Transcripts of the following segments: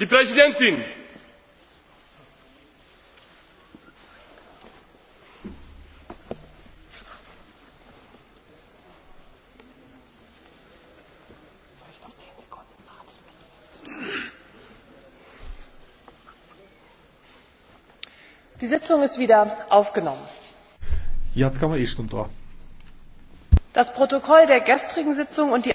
Die Präsidentin! Die Sitzung ist wieder aufgenommen. Das Protokoll der gestrigen Sitzung und die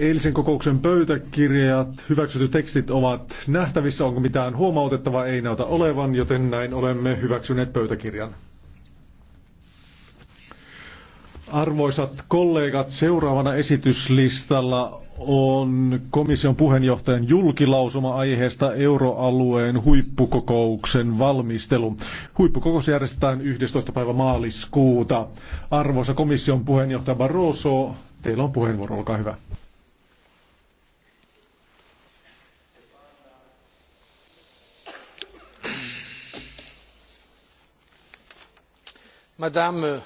Eilisen kokouksen pöytäkirjat, hyväksytyt tekstit ovat nähtävissä. Onko mitään huomautettavaa? Ei näytä olevan, joten näin olemme hyväksyneet pöytäkirjan. Arvoisat kollegat, seuraavana esityslistalla on komission puheenjohtajan julkilausuma aiheesta euroalueen huippukokouksen valmistelu. Huippukokous järjestetään 11. päivä maaliskuuta. Arvoisa komission puheenjohtaja Barroso, teillä on puheenvuoro, olkaa hyvä. Madame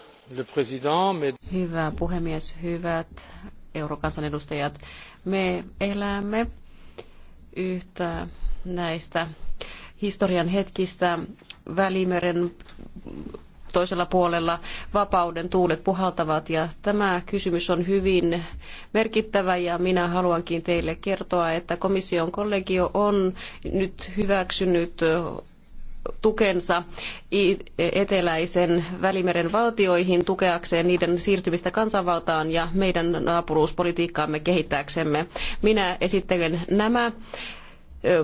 Hyvä puhemies, hyvät eurokansanedustajat. Me elämme yhtä näistä historian hetkistä Välimeren toisella puolella vapauden tuulet puhaltavat ja tämä kysymys on hyvin merkittävä ja minä haluankin teille kertoa, että komission kollegio on nyt hyväksynyt tukensa eteläisen välimeren valtioihin tukeakseen niiden siirtymistä kansanvaltaan ja meidän naapuruuspolitiikkaamme kehittääksemme. Minä esittelen nämä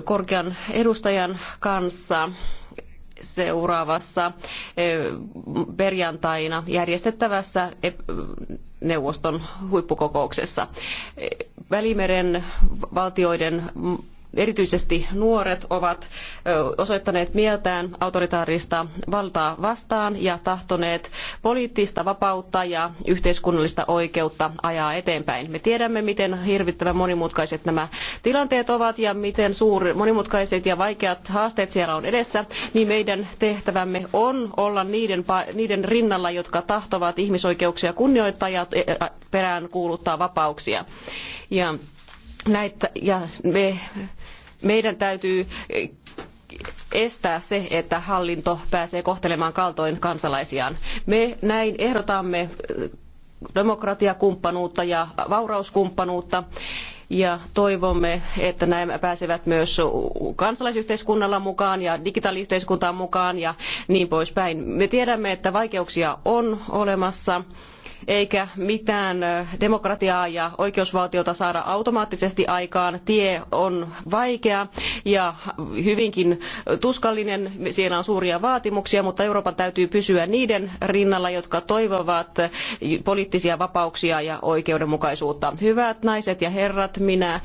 korkean edustajan kanssa seuraavassa perjantaina järjestettävässä e, neuvoston huippukokouksessa. Välimeren valtioiden erityisesti nuoret ovat osoittaneet mieltään autoritaarista valtaa vastaan ja tahtoneet poliittista vapautta ja yhteiskunnallista oikeutta ajaa eteenpäin. Me tiedämme, miten hirvittävän monimutkaiset nämä tilanteet ovat ja miten suuri, monimutkaiset ja vaikeat haasteet siellä on edessä, niin meidän tehtävämme on olla niiden, niiden rinnalla, jotka tahtovat ihmisoikeuksia kunnioittaa ja e, perään kuuluttaa vapauksia. Ja näitä, ja me, meidän täytyy estää se, että hallinto pääsee kohtelemaan kaltoin kansalaisiaan. Me näin ehdotamme äh, demokratiakumppanuutta ja vaurauskumppanuutta ja toivomme, että nämä pääsevät myös kansalaisyhteiskunnalla mukaan ja digitaaliyhteiskuntaan mukaan ja niin poispäin. Me tiedämme, että vaikeuksia on olemassa eikä mitään demokratiaa ja oikeusvaltiota saada automaattisesti aikaan. Tie on vaikea ja hyvinkin tuskallinen. Siellä on suuria vaatimuksia, mutta Euroopan täytyy pysyä niiden rinnalla, jotka toivovat poliittisia vapauksia ja oikeudenmukaisuutta. Hyvät naiset ja herrat, minä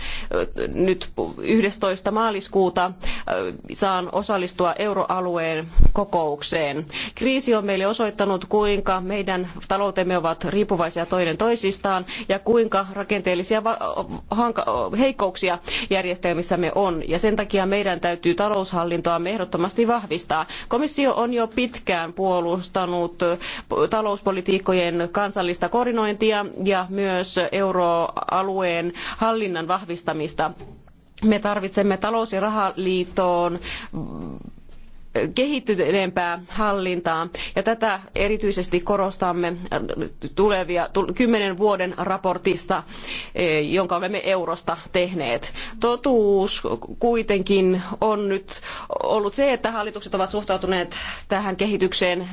nyt 11. maaliskuuta saan osallistua euroalueen kokoukseen. Kriisi on meille osoittanut, kuinka meidän taloutemme ovat riippuvaisia toinen toisistaan ja kuinka rakenteellisia heikkouksia järjestelmissämme on. Ja sen takia meidän täytyy taloushallintoamme ehdottomasti vahvistaa. Komissio on jo pitkään puolustanut talouspolitiikkojen kansallista koordinointia ja myös euroalueen hallinnan vahvistamista me tarvitsemme talous- ja rahaliittoon kehittyneempää hallintaa. Ja tätä erityisesti korostamme äh, tulevia kymmenen vuoden raportista, äh, jonka olemme eurosta tehneet. Totuus kuitenkin on nyt ollut se, että hallitukset ovat suhtautuneet tähän kehitykseen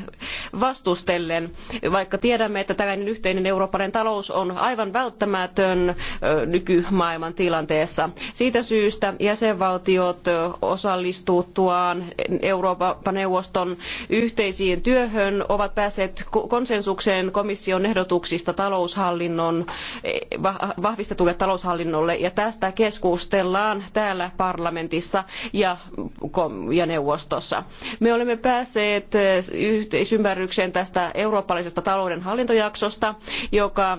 vastustellen, vaikka tiedämme, että tällainen yhteinen eurooppalainen talous on aivan välttämätön äh, nykymaailman tilanteessa. Siitä syystä jäsenvaltiot osallistuttuaan euro Eurooppa-neuvoston yhteisiin työhön ovat päässeet konsensukseen komission ehdotuksista taloushallinnon, e, vahvistetulle taloushallinnolle ja tästä keskustellaan täällä parlamentissa ja, ja neuvostossa. Me olemme päässeet e, yhteisymmärrykseen tästä eurooppalaisesta talouden hallintojaksosta, joka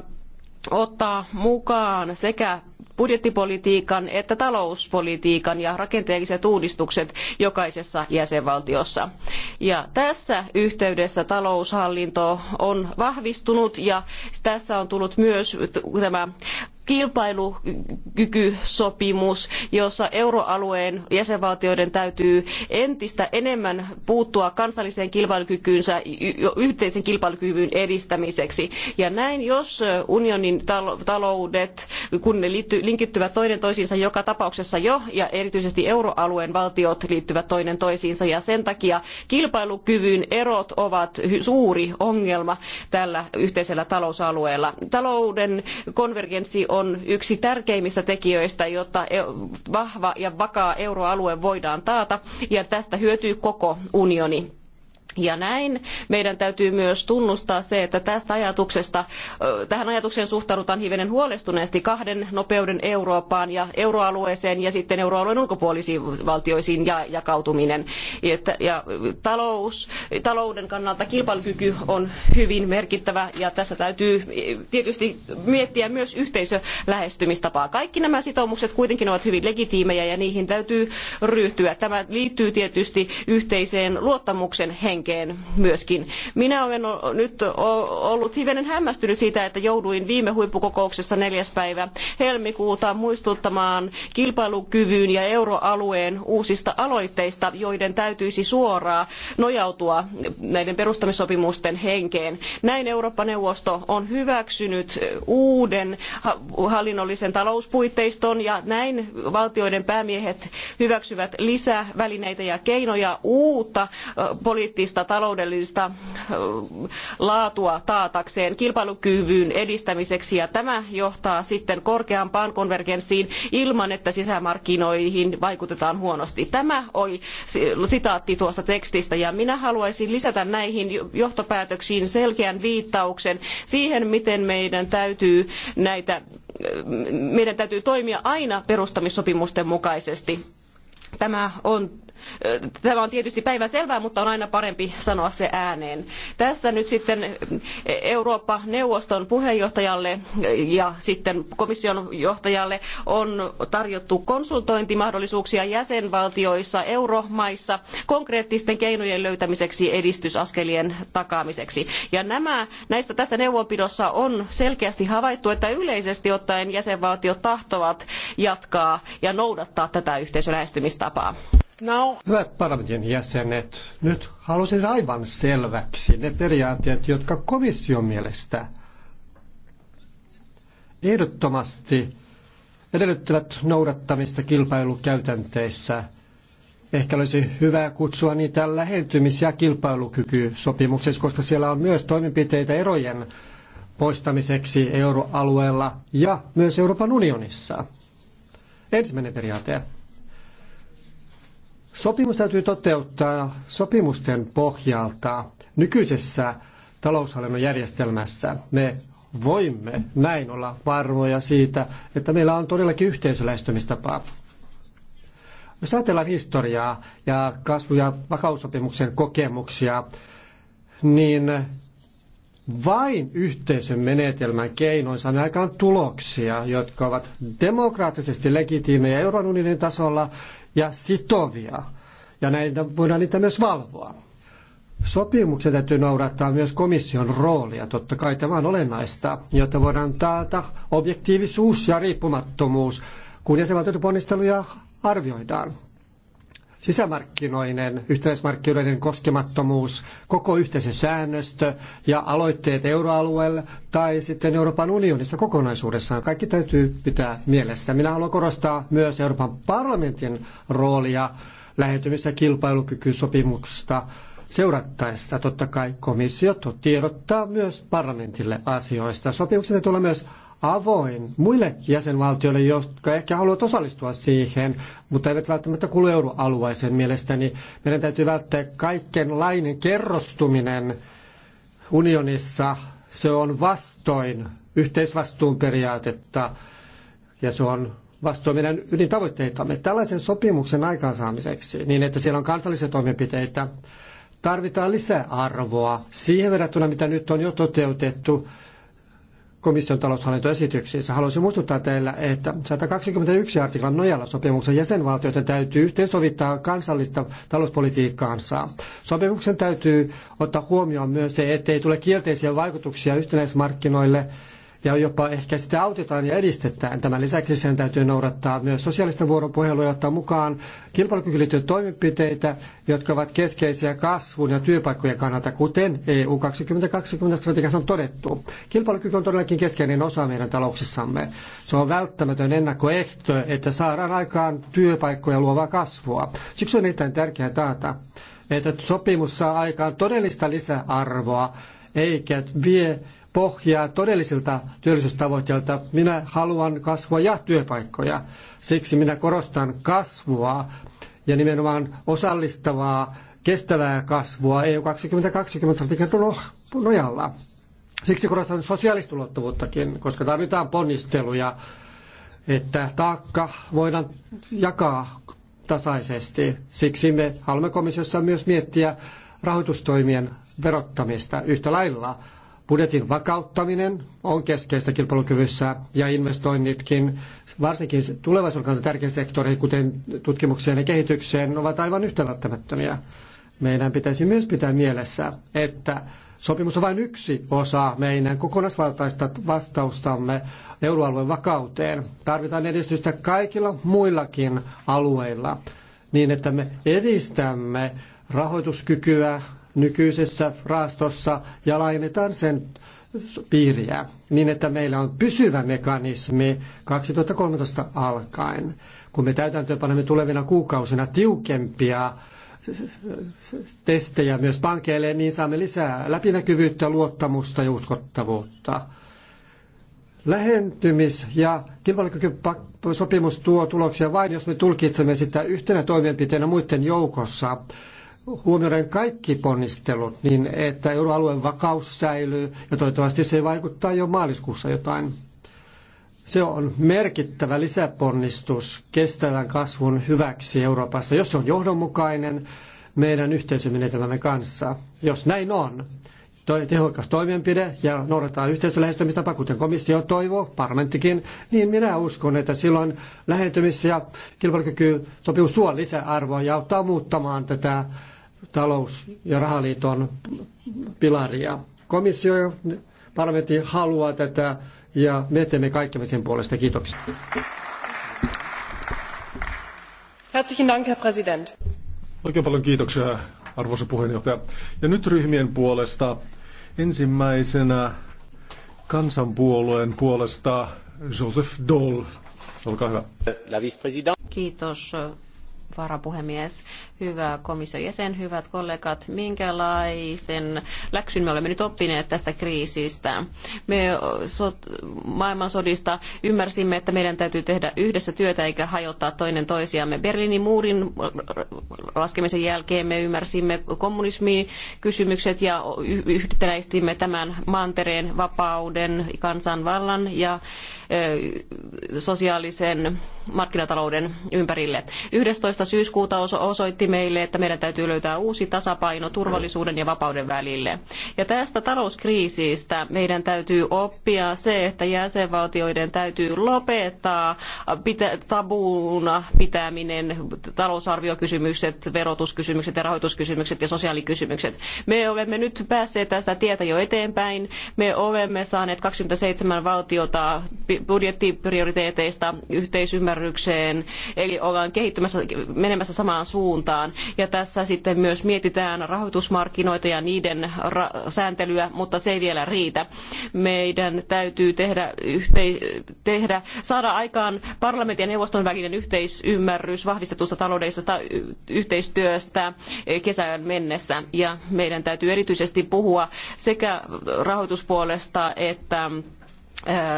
ottaa mukaan sekä budjettipolitiikan että talouspolitiikan ja rakenteelliset uudistukset jokaisessa jäsenvaltiossa. Ja tässä yhteydessä taloushallinto on vahvistunut ja tässä on tullut myös tämä kilpailukykysopimus, jossa euroalueen jäsenvaltioiden täytyy entistä enemmän puuttua kansalliseen kilpailukykyynsä yhteisen kilpailukyvyn edistämiseksi. Ja näin, jos unionin taloudet, kun ne linkittyvät toinen toisiinsa joka tapauksessa jo, ja erityisesti euroalueen valtiot liittyvät toinen toisiinsa, ja sen takia kilpailukyvyn erot ovat suuri ongelma tällä yhteisellä talousalueella. Talouden konvergenssi on yksi tärkeimmistä tekijöistä, jotta e- vahva ja vakaa euroalue voidaan taata, ja tästä hyötyy koko unioni. Ja näin meidän täytyy myös tunnustaa se, että tästä ajatuksesta, tähän ajatukseen suhtaudutaan hivenen huolestuneesti kahden nopeuden Eurooppaan ja euroalueeseen ja sitten euroalueen ulkopuolisiin valtioisiin ja, jakautuminen. Ja, talous, talouden kannalta kilpailukyky on hyvin merkittävä ja tässä täytyy tietysti miettiä myös yhteisölähestymistapaa. Kaikki nämä sitoumukset kuitenkin ovat hyvin legitiimejä ja niihin täytyy ryhtyä. Tämä liittyy tietysti yhteiseen luottamuksen henkilöön henkeen myöskin. Minä olen nyt ollut hivenen hämmästynyt siitä, että jouduin viime huippukokouksessa neljäs päivä helmikuuta muistuttamaan kilpailukyvyn ja euroalueen uusista aloitteista, joiden täytyisi suoraan nojautua näiden perustamissopimusten henkeen. Näin Eurooppa-neuvosto on hyväksynyt uuden hallinnollisen talouspuitteiston ja näin valtioiden päämiehet hyväksyvät lisävälineitä ja keinoja uutta poliittista poliittista taloudellista laatua taatakseen kilpailukyvyn edistämiseksi ja tämä johtaa sitten korkeampaan konvergenssiin ilman, että sisämarkkinoihin vaikutetaan huonosti. Tämä oli sitaatti tuosta tekstistä ja minä haluaisin lisätä näihin johtopäätöksiin selkeän viittauksen siihen, miten meidän täytyy näitä meidän täytyy toimia aina perustamissopimusten mukaisesti. Tämä on Tämä on tietysti päivän selvää, mutta on aina parempi sanoa se ääneen. Tässä nyt sitten Eurooppa-neuvoston puheenjohtajalle ja sitten komission johtajalle on tarjottu konsultointimahdollisuuksia jäsenvaltioissa, euromaissa konkreettisten keinojen löytämiseksi edistysaskelien takaamiseksi. Ja nämä, näissä tässä neuvonpidossa on selkeästi havaittu, että yleisesti ottaen jäsenvaltiot tahtovat jatkaa ja noudattaa tätä yhteisölähestymistapaa. Now... Hyvät parlamentin jäsenet, nyt halusin aivan selväksi ne periaatteet, jotka komission mielestä ehdottomasti edellyttävät noudattamista kilpailukäytänteissä. Ehkä olisi hyvä kutsua niitä lähentymis- ja kilpailukykysopimuksessa, koska siellä on myös toimenpiteitä erojen poistamiseksi euroalueella ja myös Euroopan unionissa. Ensimmäinen periaate Sopimus täytyy toteuttaa sopimusten pohjalta nykyisessä taloushallinnon järjestelmässä. Me voimme näin olla varmoja siitä, että meillä on todellakin yhteisölähestymistapa. Jos ajatellaan historiaa ja kasvu- ja vakaussopimuksen kokemuksia, niin vain yhteisön menetelmän keinoin saamme aikaan tuloksia, jotka ovat demokraattisesti legitiimejä Euroopan unionin tasolla ja sitovia. Ja näitä voidaan niitä myös valvoa. Sopimuksen täytyy noudattaa myös komission roolia, totta kai tämä on olennaista, jotta voidaan taata objektiivisuus ja riippumattomuus, kun jäsenvaltioiden ponnisteluja arvioidaan sisämarkkinoinen, yhteismarkkinoiden koskemattomuus, koko yhteisön säännöstö ja aloitteet euroalueella tai sitten Euroopan unionissa kokonaisuudessaan. Kaikki täytyy pitää mielessä. Minä haluan korostaa myös Euroopan parlamentin roolia lähentymistä kilpailukykysopimuksesta seurattaessa. Totta kai komissio tiedottaa myös parlamentille asioista. Sopimukset täytyy olla myös avoin muille jäsenvaltioille, jotka ehkä haluavat osallistua siihen, mutta eivät välttämättä kuulu euroalueeseen mielestäni. Meidän täytyy välttää kaikenlainen kerrostuminen unionissa. Se on vastoin yhteisvastuun periaatetta ja se on vastoin meidän ydintavoitteitamme. Tällaisen sopimuksen aikaansaamiseksi, niin että siellä on kansallisia toimenpiteitä, tarvitaan lisäarvoa arvoa siihen verrattuna, mitä nyt on jo toteutettu komission taloushallintoesityksissä. Haluaisin muistuttaa teillä, että 121 artiklan nojalla sopimuksen jäsenvaltioiden täytyy yhteensovittaa kansallista talouspolitiikkaansa. Sopimuksen täytyy ottaa huomioon myös se, ettei tule kielteisiä vaikutuksia yhtenäismarkkinoille – ja jopa ehkä sitä autetaan ja edistetään. Tämän lisäksi sen täytyy noudattaa myös sosiaalista vuoropuhelua ja ottaa mukaan kilpailukykyliittyjä toimenpiteitä, jotka ovat keskeisiä kasvun ja työpaikkojen kannalta, kuten EU 2020 strategiassa on todettu. Kilpailukyky on todellakin keskeinen osa meidän talouksissamme. Se on välttämätön ennakkoehto, että saadaan aikaan työpaikkoja luovaa kasvua. Siksi on erittäin tärkeää taata, että sopimus saa aikaan todellista lisäarvoa eikä vie pohjaa todellisilta työllisyystavoitteilta. Minä haluan kasvua ja työpaikkoja. Siksi minä korostan kasvua ja nimenomaan osallistavaa, kestävää kasvua EU 2020-strategian no-, nojalla. Siksi korostan sosiaalistulottavuuttakin, koska tarvitaan ponnisteluja, että taakka voidaan jakaa tasaisesti. Siksi me haluamme komissiossa myös miettiä rahoitustoimien verottamista yhtä lailla – Budjetin vakauttaminen on keskeistä kilpailukyvyssä ja investoinnitkin, varsinkin tulevaisuuden kannalta tärkeä sektoreihin, kuten tutkimukseen ja kehitykseen, ovat aivan yhtä välttämättömiä. Meidän pitäisi myös pitää mielessä, että sopimus on vain yksi osa meidän kokonaisvaltaista vastaustamme euroalueen vakauteen. Tarvitaan edistystä kaikilla muillakin alueilla niin, että me edistämme rahoituskykyä, nykyisessä raastossa ja laajennetaan sen piiriä niin, että meillä on pysyvä mekanismi 2013 alkaen, kun me täytäntöönpanemme tulevina kuukausina tiukempia testejä myös pankeille, niin saamme lisää läpinäkyvyyttä, luottamusta ja uskottavuutta. Lähentymis- ja kilpailukykysopimus tuo tuloksia vain, jos me tulkitsemme sitä yhtenä toimenpiteenä muiden joukossa huomioiden kaikki ponnistelut niin, että euroalueen vakaus säilyy ja toivottavasti se vaikuttaa jo maaliskuussa jotain. Se on merkittävä lisäponnistus kestävän kasvun hyväksi Euroopassa, jos se on johdonmukainen meidän yhteisömenetelmämme kanssa. Jos näin on, toi, tehokas toimenpide ja noudataan yhteistyölähestymistapaa, kuten komissio toivoo, parlamenttikin, niin minä uskon, että silloin lähentymis- ja kilpailukyky sopii suon lisäarvoa ja auttaa muuttamaan tätä talous- ja rahaliiton pilaria. Komissio ja parlamentti haluaa tätä ja me teemme kaikkemme sen puolesta. Kiitoksia. Herzlichen Dank, Herr Präsident. Oikein paljon kiitoksia, arvoisa puheenjohtaja. Ja nyt ryhmien puolesta ensimmäisenä kansanpuolueen puolesta Joseph Dole. Olkaa hyvä. Kiitos, varapuhemies hyvä komission jäsen, hyvät kollegat, minkälaisen läksyn me olemme nyt oppineet tästä kriisistä. Me sot, maailmansodista ymmärsimme, että meidän täytyy tehdä yhdessä työtä eikä hajottaa toinen toisiamme. Berliinin muurin laskemisen jälkeen me ymmärsimme kommunismin kysymykset ja yhtenäistimme tämän mantereen vapauden, kansanvallan ja sosiaalisen markkinatalouden ympärille. 11. syyskuuta osoitti osoitti meille, että meidän täytyy löytää uusi tasapaino turvallisuuden ja vapauden välille. Ja tästä talouskriisistä meidän täytyy oppia se, että jäsenvaltioiden täytyy lopettaa pitä, tabuuna pitäminen, talousarviokysymykset, verotuskysymykset ja rahoituskysymykset ja sosiaalikysymykset. Me olemme nyt päässeet tästä tietä jo eteenpäin. Me olemme saaneet 27 valtiota budjettiprioriteeteista yhteisymmärrykseen, eli ollaan kehittymässä, menemässä samaan suuntaan toimintaan. Ja tässä sitten myös mietitään rahoitusmarkkinoita ja niiden sääntelyä, mutta se ei vielä riitä. Meidän täytyy tehdä, tehdä saada aikaan parlamentin ja neuvoston välinen yhteisymmärrys vahvistetusta taloudellisesta yhteistyöstä kesään mennessä. Ja meidän täytyy erityisesti puhua sekä rahoituspuolesta että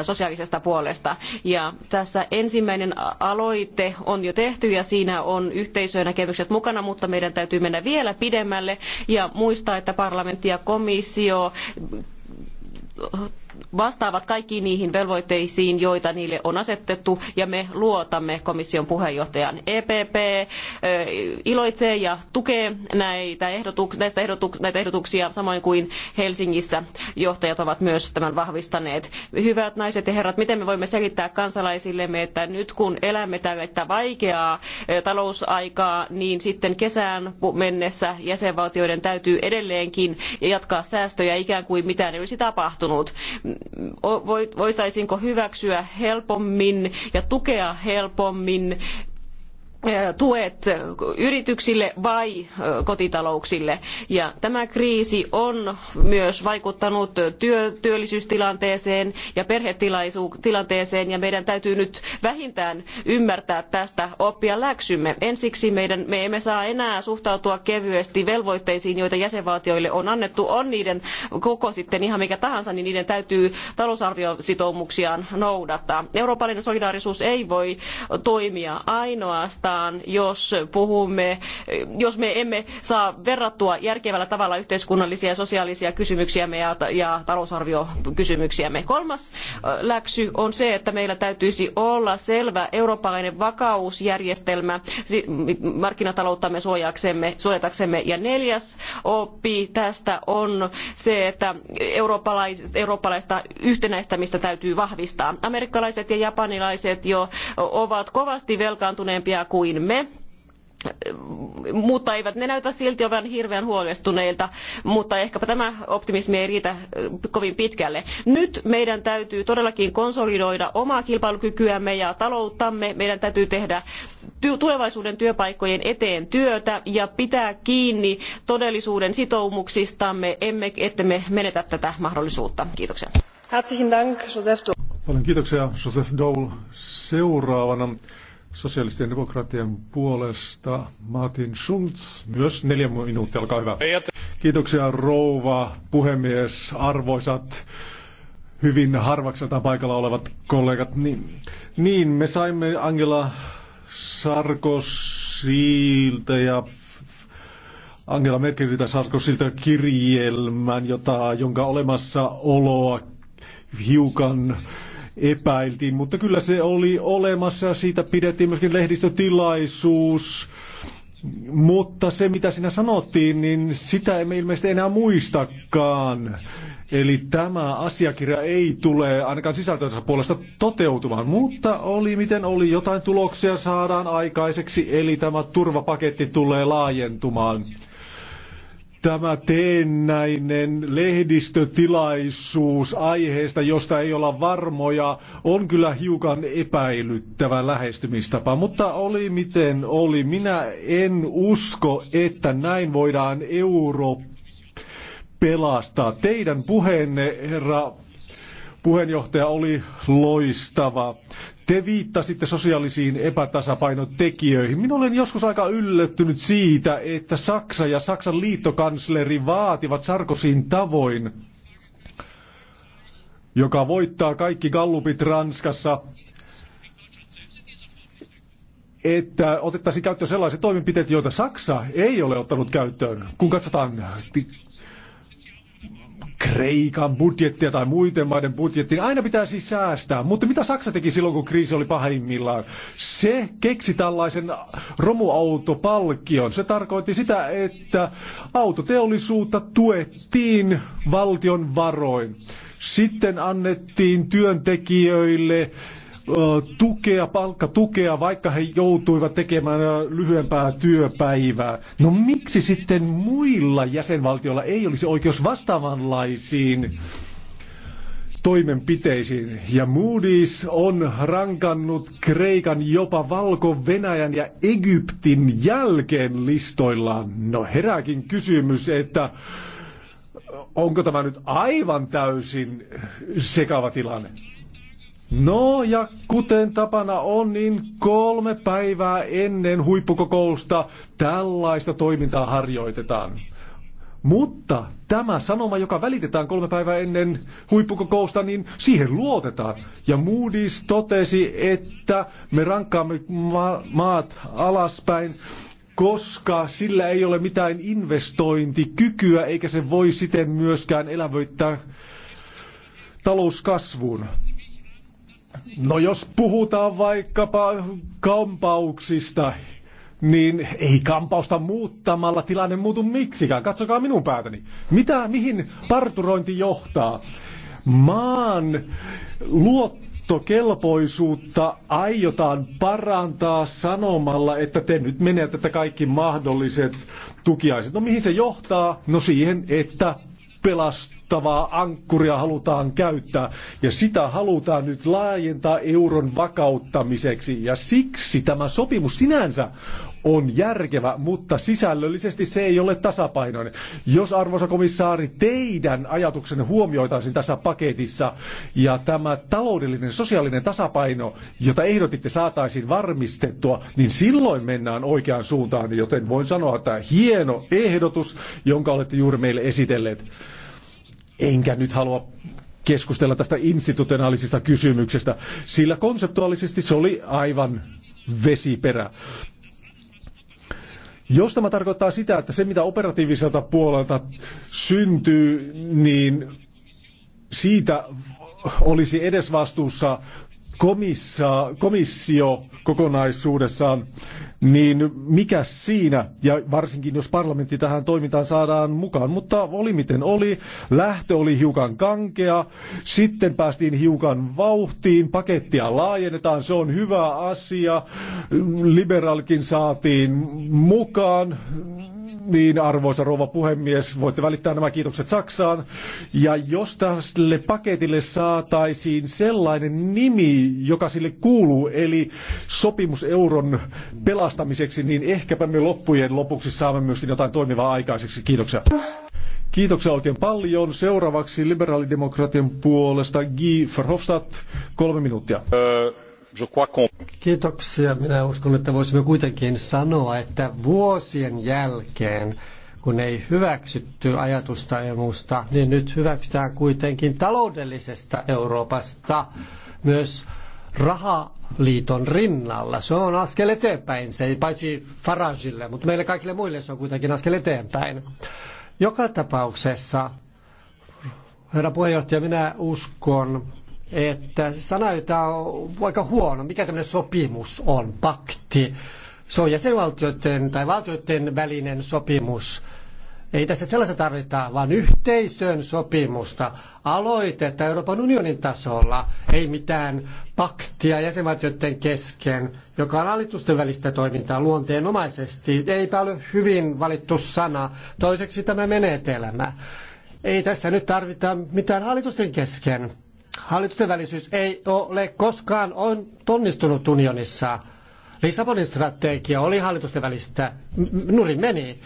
sosiaalisesta puolesta. Ja tässä ensimmäinen aloite on jo tehty ja siinä on yhteisönäkemykset mukana, mutta meidän täytyy mennä vielä pidemmälle ja muistaa, että parlamentti ja komissio vastaavat kaikkiin niihin velvoitteisiin, joita niille on asetettu, ja me luotamme komission puheenjohtajan. EPP iloitsee ja tukee näitä, ehdotuk- näistä ehdotuk- näitä ehdotuksia, samoin kuin Helsingissä johtajat ovat myös tämän vahvistaneet. Hyvät naiset ja herrat, miten me voimme selittää kansalaisillemme, että nyt kun elämme tällaista vaikeaa talousaikaa, niin sitten kesään mennessä jäsenvaltioiden täytyy edelleenkin jatkaa säästöjä ikään kuin mitään ei olisi tapahtunut voisaisinko hyväksyä helpommin ja tukea helpommin tuet yrityksille vai kotitalouksille. Ja tämä kriisi on myös vaikuttanut työ, työllisyystilanteeseen ja perhetilanteeseen ja meidän täytyy nyt vähintään ymmärtää tästä oppia läksymme. Ensiksi meidän, me emme saa enää suhtautua kevyesti velvoitteisiin, joita jäsenvaltioille on annettu. On niiden koko sitten ihan mikä tahansa, niin niiden täytyy talousarviositoumuksiaan noudattaa. Eurooppalainen solidaarisuus ei voi toimia ainoastaan vastaan, jos puhumme, jos me emme saa verrattua järkevällä tavalla yhteiskunnallisia ja sosiaalisia kysymyksiämme ja, ja talousarviokysymyksiämme. Kolmas läksy on se, että meillä täytyisi olla selvä eurooppalainen vakausjärjestelmä markkinatalouttamme suojaksemme suojataksemme. Ja neljäs oppi tästä on se, että eurooppalaista yhtenäistämistä täytyy vahvistaa. Amerikkalaiset ja japanilaiset jo ovat kovasti velkaantuneempia kuin kuin me mutta eivät ne näytä silti olevan hirveän huolestuneilta, mutta ehkäpä tämä optimismi ei riitä kovin pitkälle. Nyt meidän täytyy todellakin konsolidoida omaa kilpailukykyämme ja talouttamme. Meidän täytyy tehdä tulevaisuuden työpaikkojen eteen työtä ja pitää kiinni todellisuuden sitoumuksistamme, emme, ettemme menetä tätä mahdollisuutta. Kiitoksia. Herzlichen Dank, Joseph. Paljon kiitoksia, Joseph Dole. Seuraavana sosialistien demokratian puolesta Martin Schulz, myös neljä minuuttia, olkaa hyvä. Kiitoksia rouva, puhemies, arvoisat, hyvin harvakselta paikalla olevat kollegat. Niin, niin me saimme Angela Sarkosilta ja Angela Merkeliltä Sarkosilta kirjelmän, jota, jonka olemassaoloa hiukan epäiltiin, mutta kyllä se oli olemassa ja siitä pidettiin myöskin lehdistötilaisuus. Mutta se, mitä sinä sanottiin, niin sitä emme ilmeisesti enää muistakaan. Eli tämä asiakirja ei tule ainakaan sisältönsä puolesta toteutumaan, mutta oli miten oli, jotain tuloksia saadaan aikaiseksi, eli tämä turvapaketti tulee laajentumaan tämä teennäinen lehdistötilaisuus aiheesta, josta ei olla varmoja, on kyllä hiukan epäilyttävä lähestymistapa. Mutta oli miten oli. Minä en usko, että näin voidaan Eurooppa pelastaa. Teidän puheenne, herra puheenjohtaja oli loistava. Te viittasitte sosiaalisiin epätasapainotekijöihin. Minä olen joskus aika yllättynyt siitä, että Saksa ja Saksan liittokansleri vaativat Sarkosin tavoin, joka voittaa kaikki gallupit Ranskassa, että otettaisiin käyttöön sellaiset toimenpiteet, joita Saksa ei ole ottanut käyttöön. Kun katsotaan Kreikan budjettia tai muiden maiden budjettia. Niin aina pitää siis säästää. Mutta mitä Saksa teki silloin, kun kriisi oli pahimmillaan? Se keksi tällaisen romuautopalkkion. Se tarkoitti sitä, että autoteollisuutta tuettiin valtion varoin. Sitten annettiin työntekijöille tukea, palkkatukea, vaikka he joutuivat tekemään lyhyempää työpäivää. No miksi sitten muilla jäsenvaltioilla ei olisi oikeus vastaavanlaisiin toimenpiteisiin. Ja Moody's on rankannut Kreikan jopa Valko-Venäjän ja Egyptin jälkeen listoillaan. No herääkin kysymys, että onko tämä nyt aivan täysin sekava tilanne? No ja kuten tapana on, niin kolme päivää ennen huippukokousta tällaista toimintaa harjoitetaan. Mutta tämä sanoma, joka välitetään kolme päivää ennen huippukokousta, niin siihen luotetaan. Ja Moody's totesi, että me rankkaamme ma- maat alaspäin, koska sillä ei ole mitään investointikykyä, eikä se voi siten myöskään elävöittää talouskasvuun. No jos puhutaan vaikkapa kampauksista, niin ei kampausta muuttamalla tilanne muutu miksikään. Katsokaa minun päätäni. Mitä, mihin parturointi johtaa? Maan luottokelpoisuutta aiotaan parantaa sanomalla, että te nyt menetätte kaikki mahdolliset tukiaiset. No mihin se johtaa? No siihen, että pelastuu vakuuttavaa ankkuria halutaan käyttää ja sitä halutaan nyt laajentaa euron vakauttamiseksi ja siksi tämä sopimus sinänsä on järkevä, mutta sisällöllisesti se ei ole tasapainoinen. Jos arvoisa komissaari, teidän ajatuksenne huomioitaisiin tässä paketissa ja tämä taloudellinen sosiaalinen tasapaino, jota ehdotitte saataisiin varmistettua, niin silloin mennään oikeaan suuntaan, joten voin sanoa, että hieno ehdotus, jonka olette juuri meille esitelleet. Enkä nyt halua keskustella tästä institutionaalisista kysymyksestä, sillä konseptuaalisesti se oli aivan vesiperä. Jos tämä tarkoittaa sitä, että se mitä operatiiviselta puolelta syntyy, niin siitä olisi edesvastuussa komissa, komissio kokonaisuudessaan, niin mikä siinä, ja varsinkin jos parlamentti tähän toimintaan saadaan mukaan, mutta oli miten oli, lähtö oli hiukan kankea, sitten päästiin hiukan vauhtiin, pakettia laajennetaan, se on hyvä asia, liberalkin saatiin mukaan, niin, arvoisa rouva puhemies, voitte välittää nämä kiitokset Saksaan. Ja jos tälle paketille saataisiin sellainen nimi, joka sille kuuluu, eli sopimus euron pelastamiseksi, niin ehkäpä me loppujen lopuksi saamme myöskin jotain toimivaa aikaiseksi. Kiitoksia. Kiitoksia oikein paljon. Seuraavaksi liberaalidemokratian puolesta Guy Verhofstadt, kolme minuuttia. Öö. Kiitoksia. Minä uskon, että voisimme kuitenkin sanoa, että vuosien jälkeen, kun ei hyväksytty ajatusta EMUsta, niin nyt hyväksytään kuitenkin taloudellisesta Euroopasta myös rahaliiton rinnalla. Se on askel eteenpäin, se ei paitsi Faragille, mutta meille kaikille muille se on kuitenkin askel eteenpäin. Joka tapauksessa, herra puheenjohtaja, minä uskon, että sana, jota on aika huono, mikä tämmöinen sopimus on, pakti, se on jäsenvaltioiden tai valtioiden välinen sopimus. Ei tässä sellaista tarvita, vaan yhteisön sopimusta, aloitetta Euroopan unionin tasolla, ei mitään paktia jäsenvaltioiden kesken, joka on hallitusten välistä toimintaa luonteenomaisesti. Eipä ole hyvin valittu sana. Toiseksi tämä menetelmä. Ei tässä nyt tarvita mitään hallitusten kesken Hallitusten välisyys ei ole koskaan on onnistunut unionissa. Lissabonin strategia oli hallitusten välistä. Nuri meni.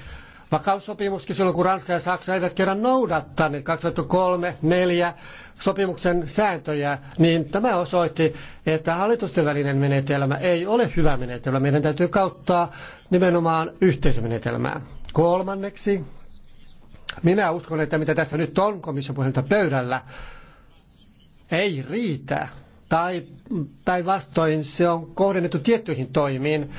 Vakaussopimuskin silloin, kun Ranska ja Saksa eivät kerran noudattaneet 2003 4 sopimuksen sääntöjä, niin tämä osoitti, että hallitusten välinen menetelmä ei ole hyvä menetelmä. Meidän täytyy kauttaa nimenomaan yhteisömenetelmää. Kolmanneksi, minä uskon, että mitä tässä nyt on komission pöydällä, ei riitä. Tai, tai vastoin se on kohdennettu tiettyihin toimiin.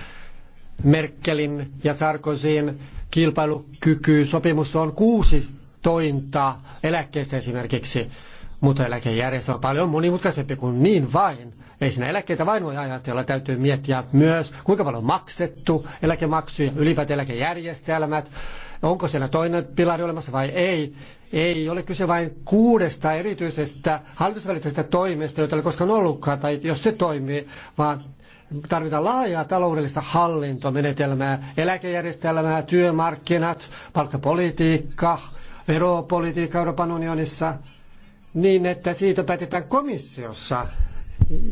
Merkelin ja Sarkozyn kilpailukyky, sopimus on kuusi tointa eläkkeessä esimerkiksi. Mutta eläkejärjestelmä on paljon monimutkaisempi kuin niin vain. Ei siinä eläkkeitä vain voi ajatella, täytyy miettiä myös kuinka paljon on maksettu, eläkemaksuja, ylipäätään eläkejärjestelmät, Onko siellä toinen pilari olemassa vai ei? Ei ole kyse vain kuudesta erityisestä hallitusvälisestä toimesta, joita ei ole koskaan ollutkaan, tai jos se toimii, vaan tarvitaan laajaa taloudellista hallintomenetelmää, eläkejärjestelmää, työmarkkinat, palkkapolitiikka, veropolitiikka Euroopan unionissa, niin että siitä päätetään komissiossa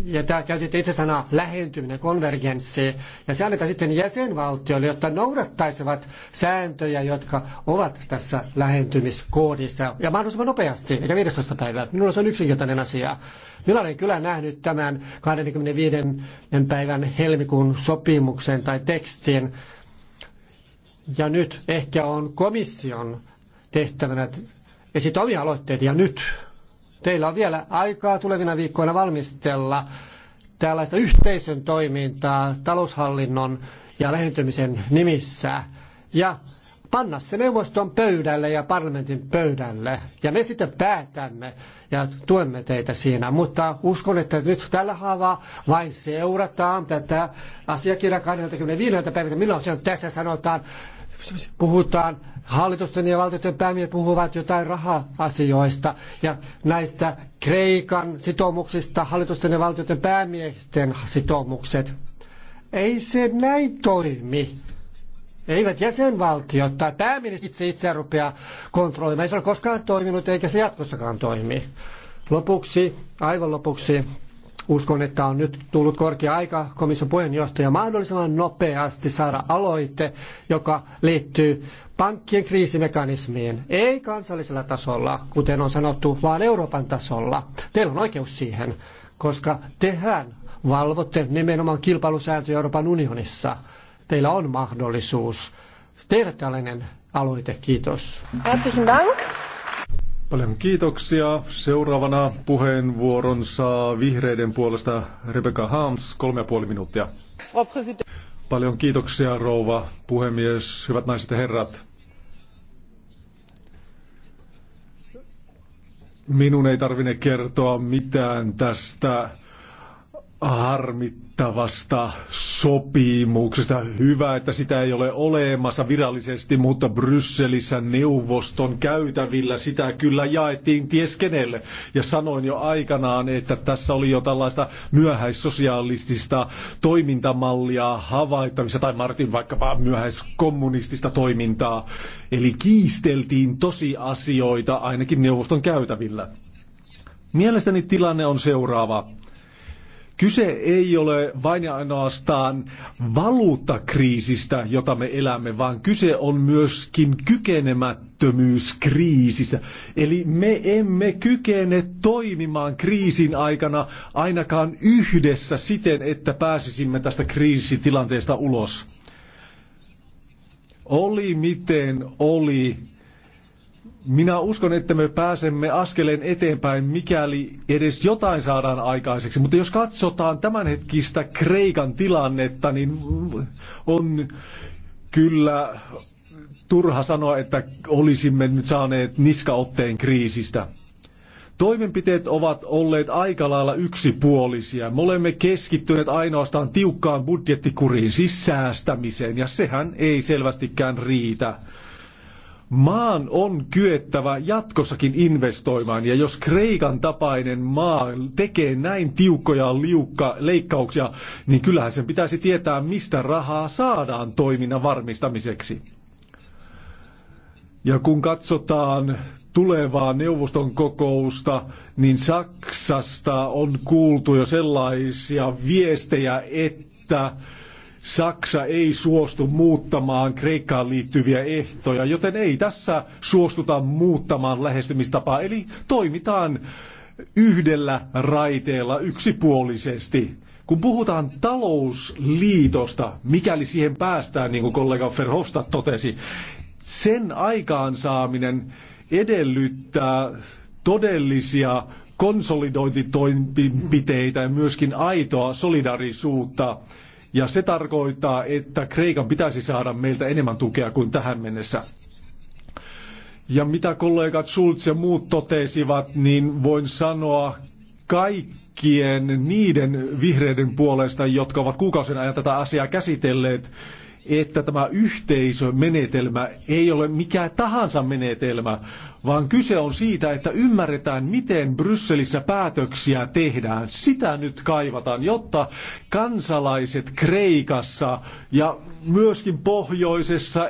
ja tämä käytettiin itse sanaa lähentyminen, konvergenssi, ja se annetaan sitten jäsenvaltioille, jotta noudattaisivat sääntöjä, jotka ovat tässä lähentymiskoodissa, ja mahdollisimman nopeasti, eikä 15 päivää. Minulla se on yksinkertainen asia. Minä olen kyllä nähnyt tämän 25. päivän helmikuun sopimuksen tai tekstin, ja nyt ehkä on komission tehtävänä esittää omia aloitteita, ja nyt Teillä on vielä aikaa tulevina viikkoina valmistella tällaista yhteisön toimintaa taloushallinnon ja lähentymisen nimissä ja panna se neuvoston pöydälle ja parlamentin pöydälle. Ja me sitten päätämme ja tuemme teitä siinä. Mutta uskon, että nyt tällä haavaa vain seurataan tätä asiakirjaa 25. päivältä, milloin se on tässä sanotaan, puhutaan Hallitusten ja valtioiden päämiehet puhuvat jotain raha-asioista ja näistä Kreikan sitoumuksista, hallitusten ja valtioiden päämiesten sitoumukset. Ei se näin toimi. Eivät jäsenvaltiot tai pääministeri itse itseään rupea kontrolloimaan. Ei se ole koskaan toiminut eikä se jatkossakaan toimi. Lopuksi, aivan lopuksi, Uskon, että on nyt tullut korkea aika komission puheenjohtaja mahdollisimman nopeasti saada aloite, joka liittyy pankkien kriisimekanismiin, ei kansallisella tasolla, kuten on sanottu, vaan Euroopan tasolla. Teillä on oikeus siihen, koska tehän valvotte nimenomaan kilpailusääntöjä Euroopan unionissa. Teillä on mahdollisuus tehdä tällainen aloite. Kiitos. Herzlichen Dank. Paljon kiitoksia. Seuraavana puheenvuoron saa vihreiden puolesta Rebecca Hans kolme ja puoli minuuttia. Paljon kiitoksia, rouva puhemies, hyvät naiset ja herrat. Minun ei tarvine kertoa mitään tästä harmittavasta sopimuksesta. Hyvä, että sitä ei ole olemassa virallisesti, mutta Brysselissä neuvoston käytävillä sitä kyllä jaettiin ties kenelle. Ja sanoin jo aikanaan, että tässä oli jo tällaista myöhäissosialistista toimintamallia havaittavissa, tai Martin vaikkapa myöhäiskommunistista toimintaa. Eli kiisteltiin tosiasioita ainakin neuvoston käytävillä. Mielestäni tilanne on seuraava. Kyse ei ole vain ja ainoastaan valuuttakriisistä, jota me elämme, vaan kyse on myöskin kykenemättömyyskriisistä. Eli me emme kykene toimimaan kriisin aikana ainakaan yhdessä siten, että pääsisimme tästä kriisitilanteesta ulos. Oli miten oli, minä uskon, että me pääsemme askeleen eteenpäin, mikäli edes jotain saadaan aikaiseksi. Mutta jos katsotaan tämänhetkistä Kreikan tilannetta, niin on kyllä turha sanoa, että olisimme nyt saaneet niskaotteen kriisistä. Toimenpiteet ovat olleet aika lailla yksipuolisia. Me olemme keskittyneet ainoastaan tiukkaan budjettikuriin, siis säästämiseen, ja sehän ei selvästikään riitä. Maan on kyettävä jatkossakin investoimaan, ja jos Kreikan tapainen maa tekee näin tiukkoja liukka leikkauksia, niin kyllähän sen pitäisi tietää, mistä rahaa saadaan toiminnan varmistamiseksi. Ja kun katsotaan tulevaa neuvoston kokousta, niin Saksasta on kuultu jo sellaisia viestejä, että Saksa ei suostu muuttamaan Kreikkaan liittyviä ehtoja, joten ei tässä suostuta muuttamaan lähestymistapaa. Eli toimitaan yhdellä raiteella yksipuolisesti. Kun puhutaan talousliitosta, mikäli siihen päästään, niin kuin kollega Verhofstadt totesi, sen aikaansaaminen edellyttää todellisia konsolidointitoimenpiteitä ja myöskin aitoa solidarisuutta. Ja se tarkoittaa, että Kreikan pitäisi saada meiltä enemmän tukea kuin tähän mennessä. Ja mitä kollegat Schulz ja muut totesivat, niin voin sanoa kaikkien niiden vihreiden puolesta, jotka ovat kuukausien ajan tätä asiaa käsitelleet, että tämä yhteisömenetelmä ei ole mikä tahansa menetelmä, vaan kyse on siitä, että ymmärretään, miten Brysselissä päätöksiä tehdään. Sitä nyt kaivataan, jotta kansalaiset Kreikassa ja myöskin pohjoisessa,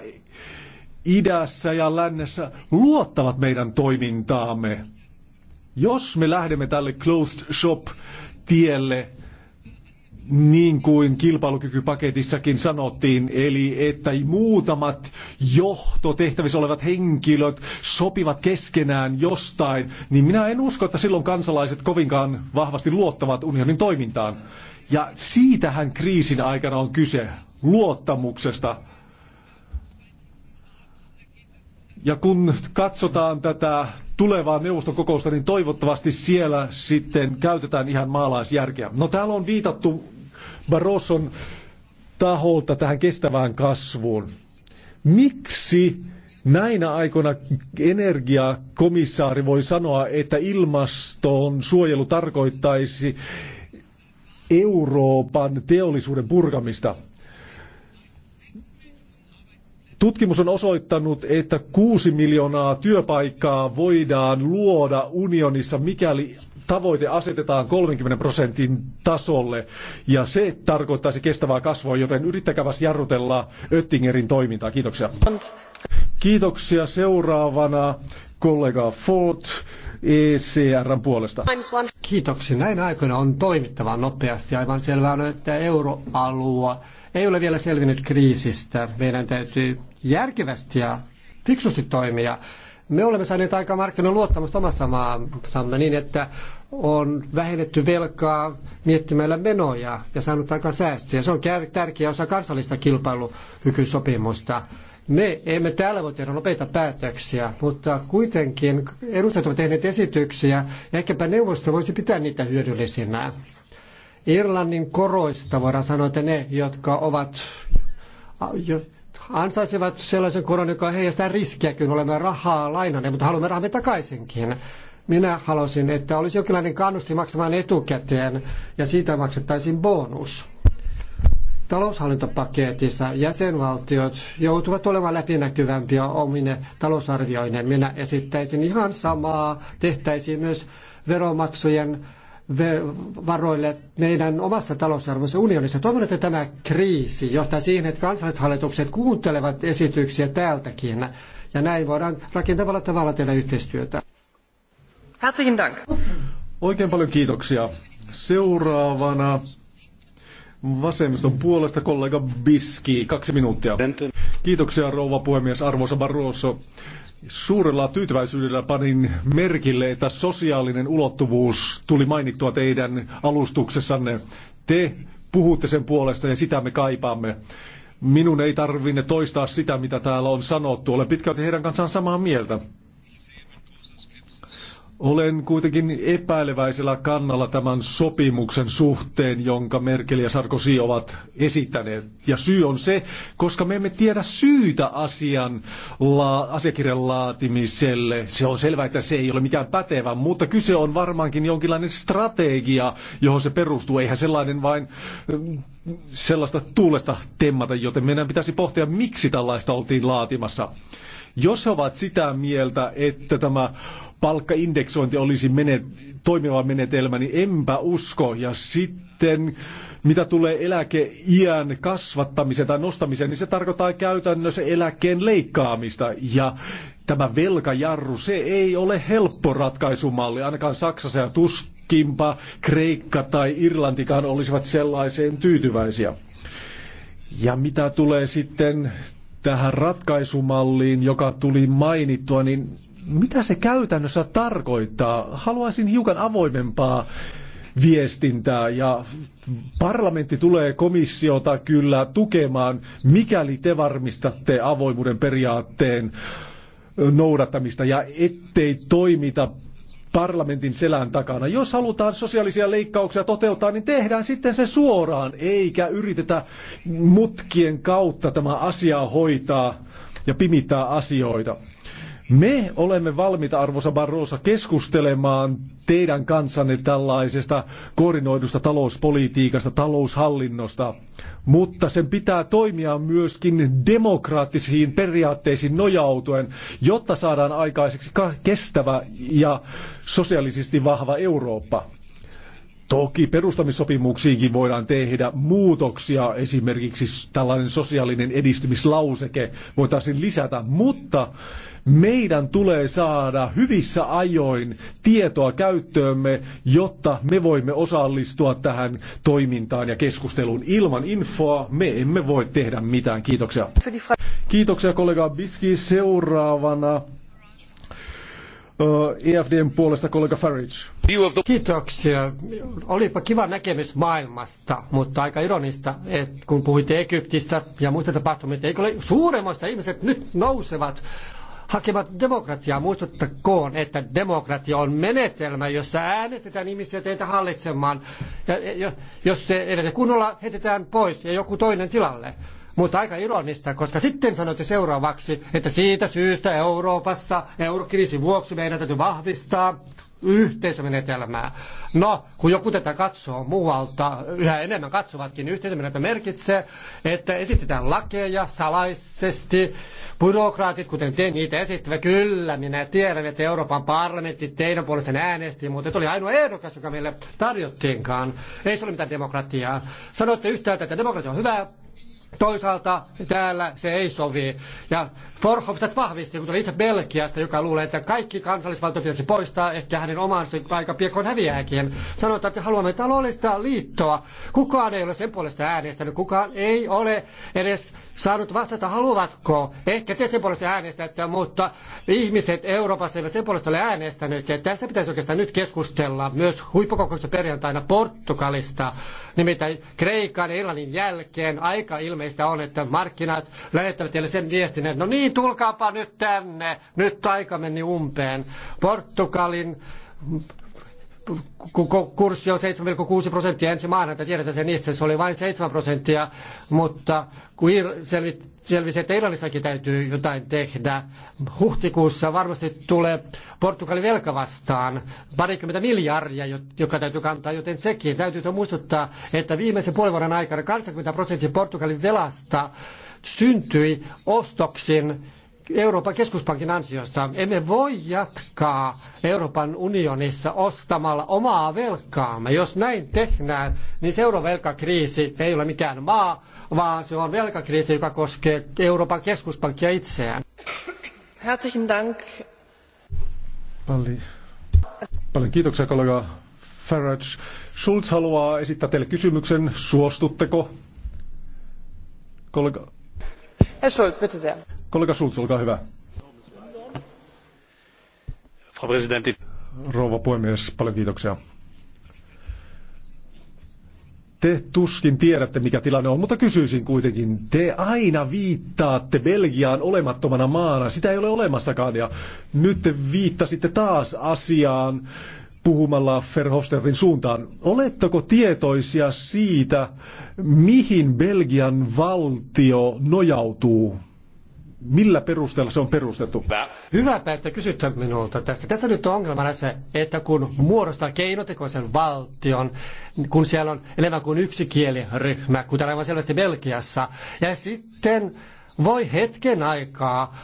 idässä ja lännessä luottavat meidän toimintaamme. Jos me lähdemme tälle closed shop tielle, niin kuin kilpailukykypaketissakin sanottiin, eli että muutamat johtotehtävissä olevat henkilöt sopivat keskenään jostain, niin minä en usko, että silloin kansalaiset kovinkaan vahvasti luottavat unionin toimintaan. Ja siitähän kriisin aikana on kyse, luottamuksesta. Ja kun katsotaan tätä tulevaa neuvoston kokousta, niin toivottavasti siellä sitten käytetään ihan maalaisjärkeä. No täällä on viitattu Barroson taholta tähän kestävään kasvuun. Miksi näinä aikoina energiakomissaari voi sanoa, että ilmaston suojelu tarkoittaisi Euroopan teollisuuden purkamista? Tutkimus on osoittanut, että 6 miljoonaa työpaikkaa voidaan luoda unionissa, mikäli tavoite asetetaan 30 prosentin tasolle ja se tarkoittaisi kestävää kasvua, joten yrittäkääpäs jarrutella Öttingerin toimintaa. Kiitoksia. Kiitoksia seuraavana kollega Ford ECRn puolesta. Kiitoksia. Näin aikoina on toimittava nopeasti. Aivan selvää on, että euroalue ei ole vielä selvinnyt kriisistä. Meidän täytyy järkevästi ja fiksusti toimia. Me olemme saaneet aika markkinan luottamusta omassa maassamme niin, että on vähennetty velkaa miettimällä menoja ja saanut aika säästöjä. Se on tärkeä osa kansallista kilpailukykysopimusta. Me emme täällä voi tehdä nopeita päätöksiä, mutta kuitenkin edustajat ovat tehneet esityksiä ja ehkäpä neuvosto voisi pitää niitä hyödyllisinä. Irlannin koroista voidaan sanoa, että ne, jotka ovat ansaisivat sellaisen koron, joka heijastaa riskiä, kun olemme rahaa lainanneet, mutta haluamme rahamme takaisinkin. Minä halusin, että olisi jonkinlainen kannusti maksamaan etukäteen ja siitä maksettaisiin bonus. Taloushallintopaketissa jäsenvaltiot joutuvat olemaan läpinäkyvämpiä omine talousarvioineen. Minä esittäisin ihan samaa, tehtäisiin myös veromaksujen varoille meidän omassa talousarvoissa unionissa. Toivon, että tämä kriisi johtaa siihen, että kansalliset hallitukset kuuntelevat esityksiä täältäkin. Ja näin voidaan rakentavalla tavalla tehdä yhteistyötä. Herzlichen Dank. Oikein paljon kiitoksia. Seuraavana vasemmiston puolesta kollega Biski, kaksi minuuttia. Kiitoksia rouva puhemies, arvoisa Barroso. Suurella tyytyväisyydellä panin merkille, että sosiaalinen ulottuvuus tuli mainittua teidän alustuksessanne. Te puhutte sen puolesta ja sitä me kaipaamme. Minun ei tarvinne toistaa sitä, mitä täällä on sanottu. Olen pitkälti heidän kanssaan samaa mieltä. Olen kuitenkin epäileväisellä kannalla tämän sopimuksen suhteen, jonka Merkel ja Sarkozy ovat esittäneet. Ja syy on se, koska me emme tiedä syytä asian, la, asiakirjan laatimiselle. Se on selvää, että se ei ole mikään pätevä, mutta kyse on varmaankin jonkinlainen strategia, johon se perustuu. Eihän sellainen vain mm, sellaista tuulesta temmata, joten meidän pitäisi pohtia, miksi tällaista oltiin laatimassa. Jos he ovat sitä mieltä, että tämä palkkaindeksointi olisi menet, toimiva menetelmä, niin enpä usko. Ja sitten mitä tulee eläkeiän kasvattamiseen tai nostamiseen, niin se tarkoittaa käytännössä eläkkeen leikkaamista. Ja tämä velkajarru, se ei ole helppo ratkaisumalli, ainakaan Saksassa ja tuskinpa Kreikka tai Irlantikaan olisivat sellaiseen tyytyväisiä. Ja mitä tulee sitten tähän ratkaisumalliin, joka tuli mainittua, niin mitä se käytännössä tarkoittaa? Haluaisin hiukan avoimempaa viestintää ja parlamentti tulee komissiota kyllä tukemaan, mikäli te varmistatte avoimuuden periaatteen noudattamista ja ettei toimita parlamentin selän takana. Jos halutaan sosiaalisia leikkauksia toteuttaa, niin tehdään sitten se suoraan, eikä yritetä mutkien kautta tämä asia hoitaa ja pimittää asioita. Me olemme valmiita, arvoisa Barroosa, keskustelemaan teidän kanssanne tällaisesta koordinoidusta talouspolitiikasta, taloushallinnosta, mutta sen pitää toimia myöskin demokraattisiin periaatteisiin nojautuen, jotta saadaan aikaiseksi kestävä ja sosiaalisesti vahva Eurooppa. Toki perustamissopimuksiinkin voidaan tehdä muutoksia, esimerkiksi tällainen sosiaalinen edistymislauseke voitaisiin lisätä, mutta meidän tulee saada hyvissä ajoin tietoa käyttöömme, jotta me voimme osallistua tähän toimintaan ja keskusteluun. Ilman infoa me emme voi tehdä mitään. Kiitoksia. Kiitoksia kollega Biski. Seuraavana EFDn puolesta kollega Farage. Kiitoksia. Olipa kiva näkemys maailmasta, mutta aika ironista, että kun puhuitte Egyptistä ja muista tapahtumista, eikö ole suuremmoista ihmiset nyt nousevat hakevat demokratiaa. Muistuttakoon, että demokratia on menetelmä, jossa äänestetään ihmisiä teitä hallitsemaan. Ja, jos te edes kunnolla heitetään pois ja joku toinen tilalle. Mutta aika ironista, koska sitten sanoitte seuraavaksi, että siitä syystä Euroopassa eurokriisin vuoksi meidän täytyy vahvistaa yhteisömenetelmää. No, kun joku tätä katsoo muualta, yhä enemmän katsovatkin, niin yhteisömenetelmä merkitsee, että esitetään lakeja salaisesti. Byrokraatit, kuten te niitä esittävät, kyllä, minä tiedän, että Euroopan parlamentti teidän puolesta äänesti, mutta se oli ainoa ehdokas, joka meille tarjottiinkaan. Ei se ole mitään demokratiaa. Sanoitte yhtäältä, että demokratia on hyvä Toisaalta täällä se ei sovi. Ja Forhofstadt vahvisti, kun tuli itse Belgiasta, joka luulee, että kaikki kansallisvaltiot pitäisi poistaa, ehkä hänen omansa aika piekon häviääkin. Sanotaan, että haluamme taloudellista liittoa. Kukaan ei ole sen puolesta äänestänyt, kukaan ei ole edes saanut vastata, haluavatko. Ehkä te sen puolesta äänestätte, mutta ihmiset Euroopassa eivät sen puolesta ole äänestänyt. Ja tässä pitäisi oikeastaan nyt keskustella myös huippukokouksessa perjantaina Portugalista. Nimittäin Kreikan ja Irlannin jälkeen aika ilmeistä on, että markkinat lähettävät teille sen viestin, että no niin, tulkaapa nyt tänne, nyt aika meni umpeen. Portugalin kurssi on 7,6 prosenttia ensi maanantai, tiedetään sen itse, se oli vain 7 prosenttia, mutta kun selvisi, että Irlannissakin täytyy jotain tehdä, huhtikuussa varmasti tulee Portugalin velka vastaan, parikymmentä miljardia, joka täytyy kantaa, joten sekin täytyy muistuttaa, että viimeisen puolen vuoden aikana 80 prosenttia Portugalin velasta syntyi ostoksin Euroopan keskuspankin ansiosta. Emme voi jatkaa Euroopan unionissa ostamalla omaa velkaamme. Jos näin tehdään, niin seuravelkakriisi ei ole mikään maa, vaan se on velkakriisi, joka koskee Euroopan keskuspankkia itseään. Herzlichen Dank. paljon kiitoksia kollega Farage. Schulz haluaa esittää teille kysymyksen. Suostutteko? Kollega... Herr Schulz, bitte sehr. Kollega Schulz, olkaa hyvä. Frau Präsidentin. Rouva puhemies, paljon kiitoksia. Te tuskin tiedätte, mikä tilanne on, mutta kysyisin kuitenkin. Te aina viittaatte Belgiaan olemattomana maana. Sitä ei ole olemassakaan. Ja nyt te viittasitte taas asiaan puhumalla Verhofstadtin suuntaan. Oletteko tietoisia siitä, mihin Belgian valtio nojautuu millä perusteella se on perustettu. Hyvä, että kysytte minulta tästä. Tässä nyt on ongelmana se, että kun muodostaa keinotekoisen valtion, kun siellä on enemmän kuin yksi kieliryhmä, kuten aivan selvästi Belgiassa, ja sitten voi hetken aikaa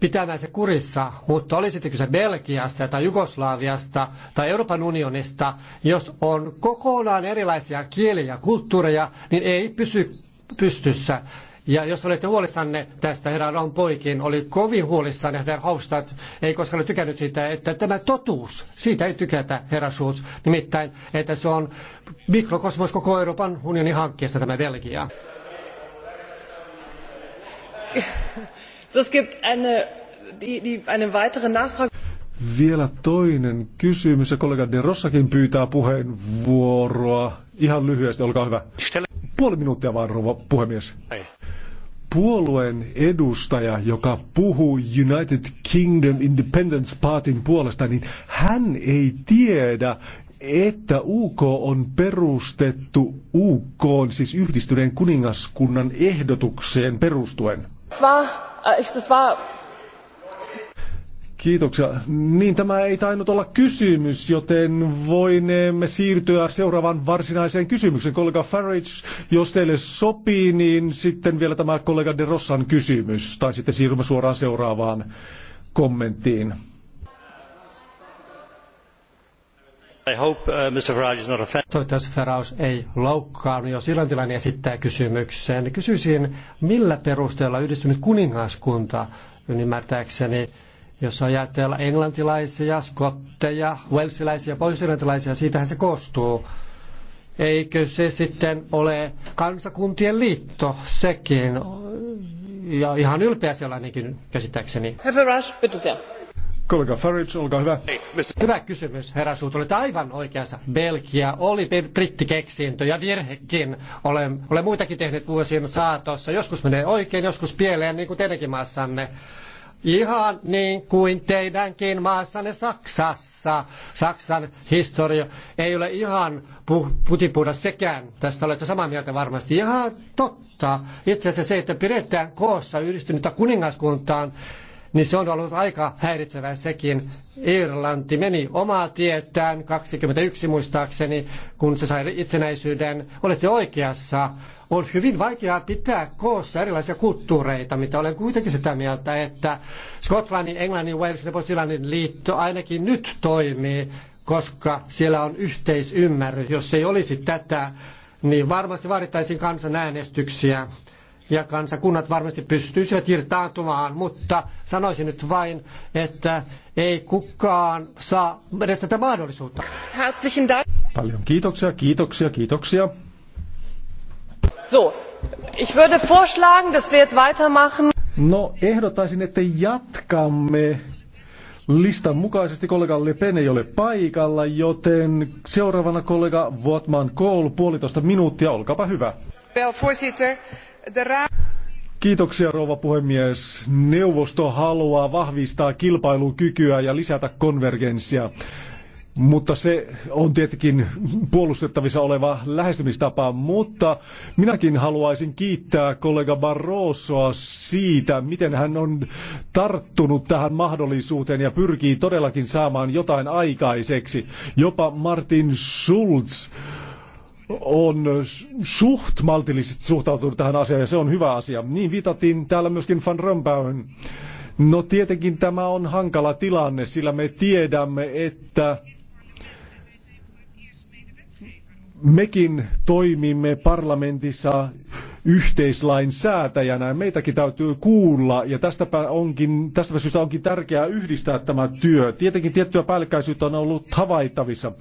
pitämään se kurissa, mutta oli sitten kyse Belgiasta tai Jugoslaviasta tai Euroopan unionista, jos on kokonaan erilaisia kieliä ja kulttuureja, niin ei pysy pystyssä. Ja jos olette huolissanne tästä, herra Rompoikin oli kovin huolissaan, herra Haustat ei koskaan ole tykännyt siitä, että tämä totuus, siitä ei tykätä, herra Schulz, nimittäin, että se on mikrokosmos koko Euroopan unionin hankkeesta tämä Belgia. Vielä toinen kysymys, ja kollega De Rossakin pyytää puheenvuoroa. Ihan lyhyesti, olkaa hyvä. Puoli minuuttia vaan, rouva puhemies. Ei puolueen edustaja, joka puhuu United Kingdom Independence Partyn puolesta, niin hän ei tiedä, että UK on perustettu UK, siis yhdistyneen kuningaskunnan ehdotukseen perustuen. Das war, äh, das war Kiitoksia. Niin tämä ei tainnut olla kysymys, joten voineemme siirtyä seuraavaan varsinaiseen kysymykseen. Kollega Farage, jos teille sopii, niin sitten vielä tämä kollega De Rossan kysymys. Tai sitten siirrymme suoraan seuraavaan kommenttiin. I hope, uh, Mr. Farage is not Toivottavasti Farage ei loukkaan, jos Irlantilainen esittää kysymyksen. Kysyisin, millä perusteella yhdistynyt kuningaskunta, ymmärtääkseni, niin jos ajatellaan englantilaisia, skotteja, welsiläisiä, pohjoisirlantilaisia, siitähän se koostuu. Eikö se sitten ole kansakuntien liitto sekin? Ja ihan ylpeä sellainenkin käsittääkseni. Kollega Farage, olkaa hyvä. Hyvä kysymys, herra Suut. Olette aivan oikeassa. Belgia oli brittikeksintö ja virhekin. Olen, olen muitakin tehnyt vuosien saatossa. Joskus menee oikein, joskus pieleen, niin kuin teidänkin maassanne. Ihan niin kuin teidänkin maassanne Saksassa. Saksan historia ei ole ihan putipuuda sekään. Tästä olette samaa mieltä varmasti. Ihan totta. Itse asiassa se, että pidetään koossa yhdistynyttä kuningaskuntaan, niin se on ollut aika häiritsevää sekin. Irlanti meni omaa tietään, 21 muistaakseni, kun se sai itsenäisyyden. Olette oikeassa, on hyvin vaikeaa pitää koossa erilaisia kulttuureita, mitä olen kuitenkin sitä mieltä, että Skotlannin, Englannin, Walesin ja Postilannin liitto ainakin nyt toimii, koska siellä on yhteisymmärrys. Jos ei olisi tätä, niin varmasti vaadittaisiin kansanäänestyksiä ja kansakunnat varmasti pystyisivät irtaantumaan, mutta sanoisin nyt vain, että ei kukaan saa edes tätä mahdollisuutta. Paljon kiitoksia, kiitoksia, kiitoksia. So, ich würde vorschlagen, dass wir jetzt weitermachen. No, ehdottaisin, että jatkamme listan mukaisesti. Kollega Le Pen ei ole paikalla, joten seuraavana kollega Votman Kohl, puolitoista minuuttia, olkaapa hyvä. Wel, Kiitoksia rouva puhemies. Neuvosto haluaa vahvistaa kilpailukykyä ja lisätä konvergenssia mutta se on tietenkin puolustettavissa oleva lähestymistapa, mutta minäkin haluaisin kiittää kollega Barrosoa siitä, miten hän on tarttunut tähän mahdollisuuteen ja pyrkii todellakin saamaan jotain aikaiseksi. Jopa Martin Schulz on suht maltillisesti suhtautunut tähän asiaan ja se on hyvä asia. Niin viitattiin täällä myöskin Van Rompuyn No tietenkin tämä on hankala tilanne, sillä me tiedämme, että mekin toimimme parlamentissa yhteislain säätäjänä. Meitäkin täytyy kuulla ja tästäpä, onkin, tästäpä syystä onkin tärkeää yhdistää tämä työ. Tietenkin tiettyä päällekkäisyyttä on ollut havaittavissa.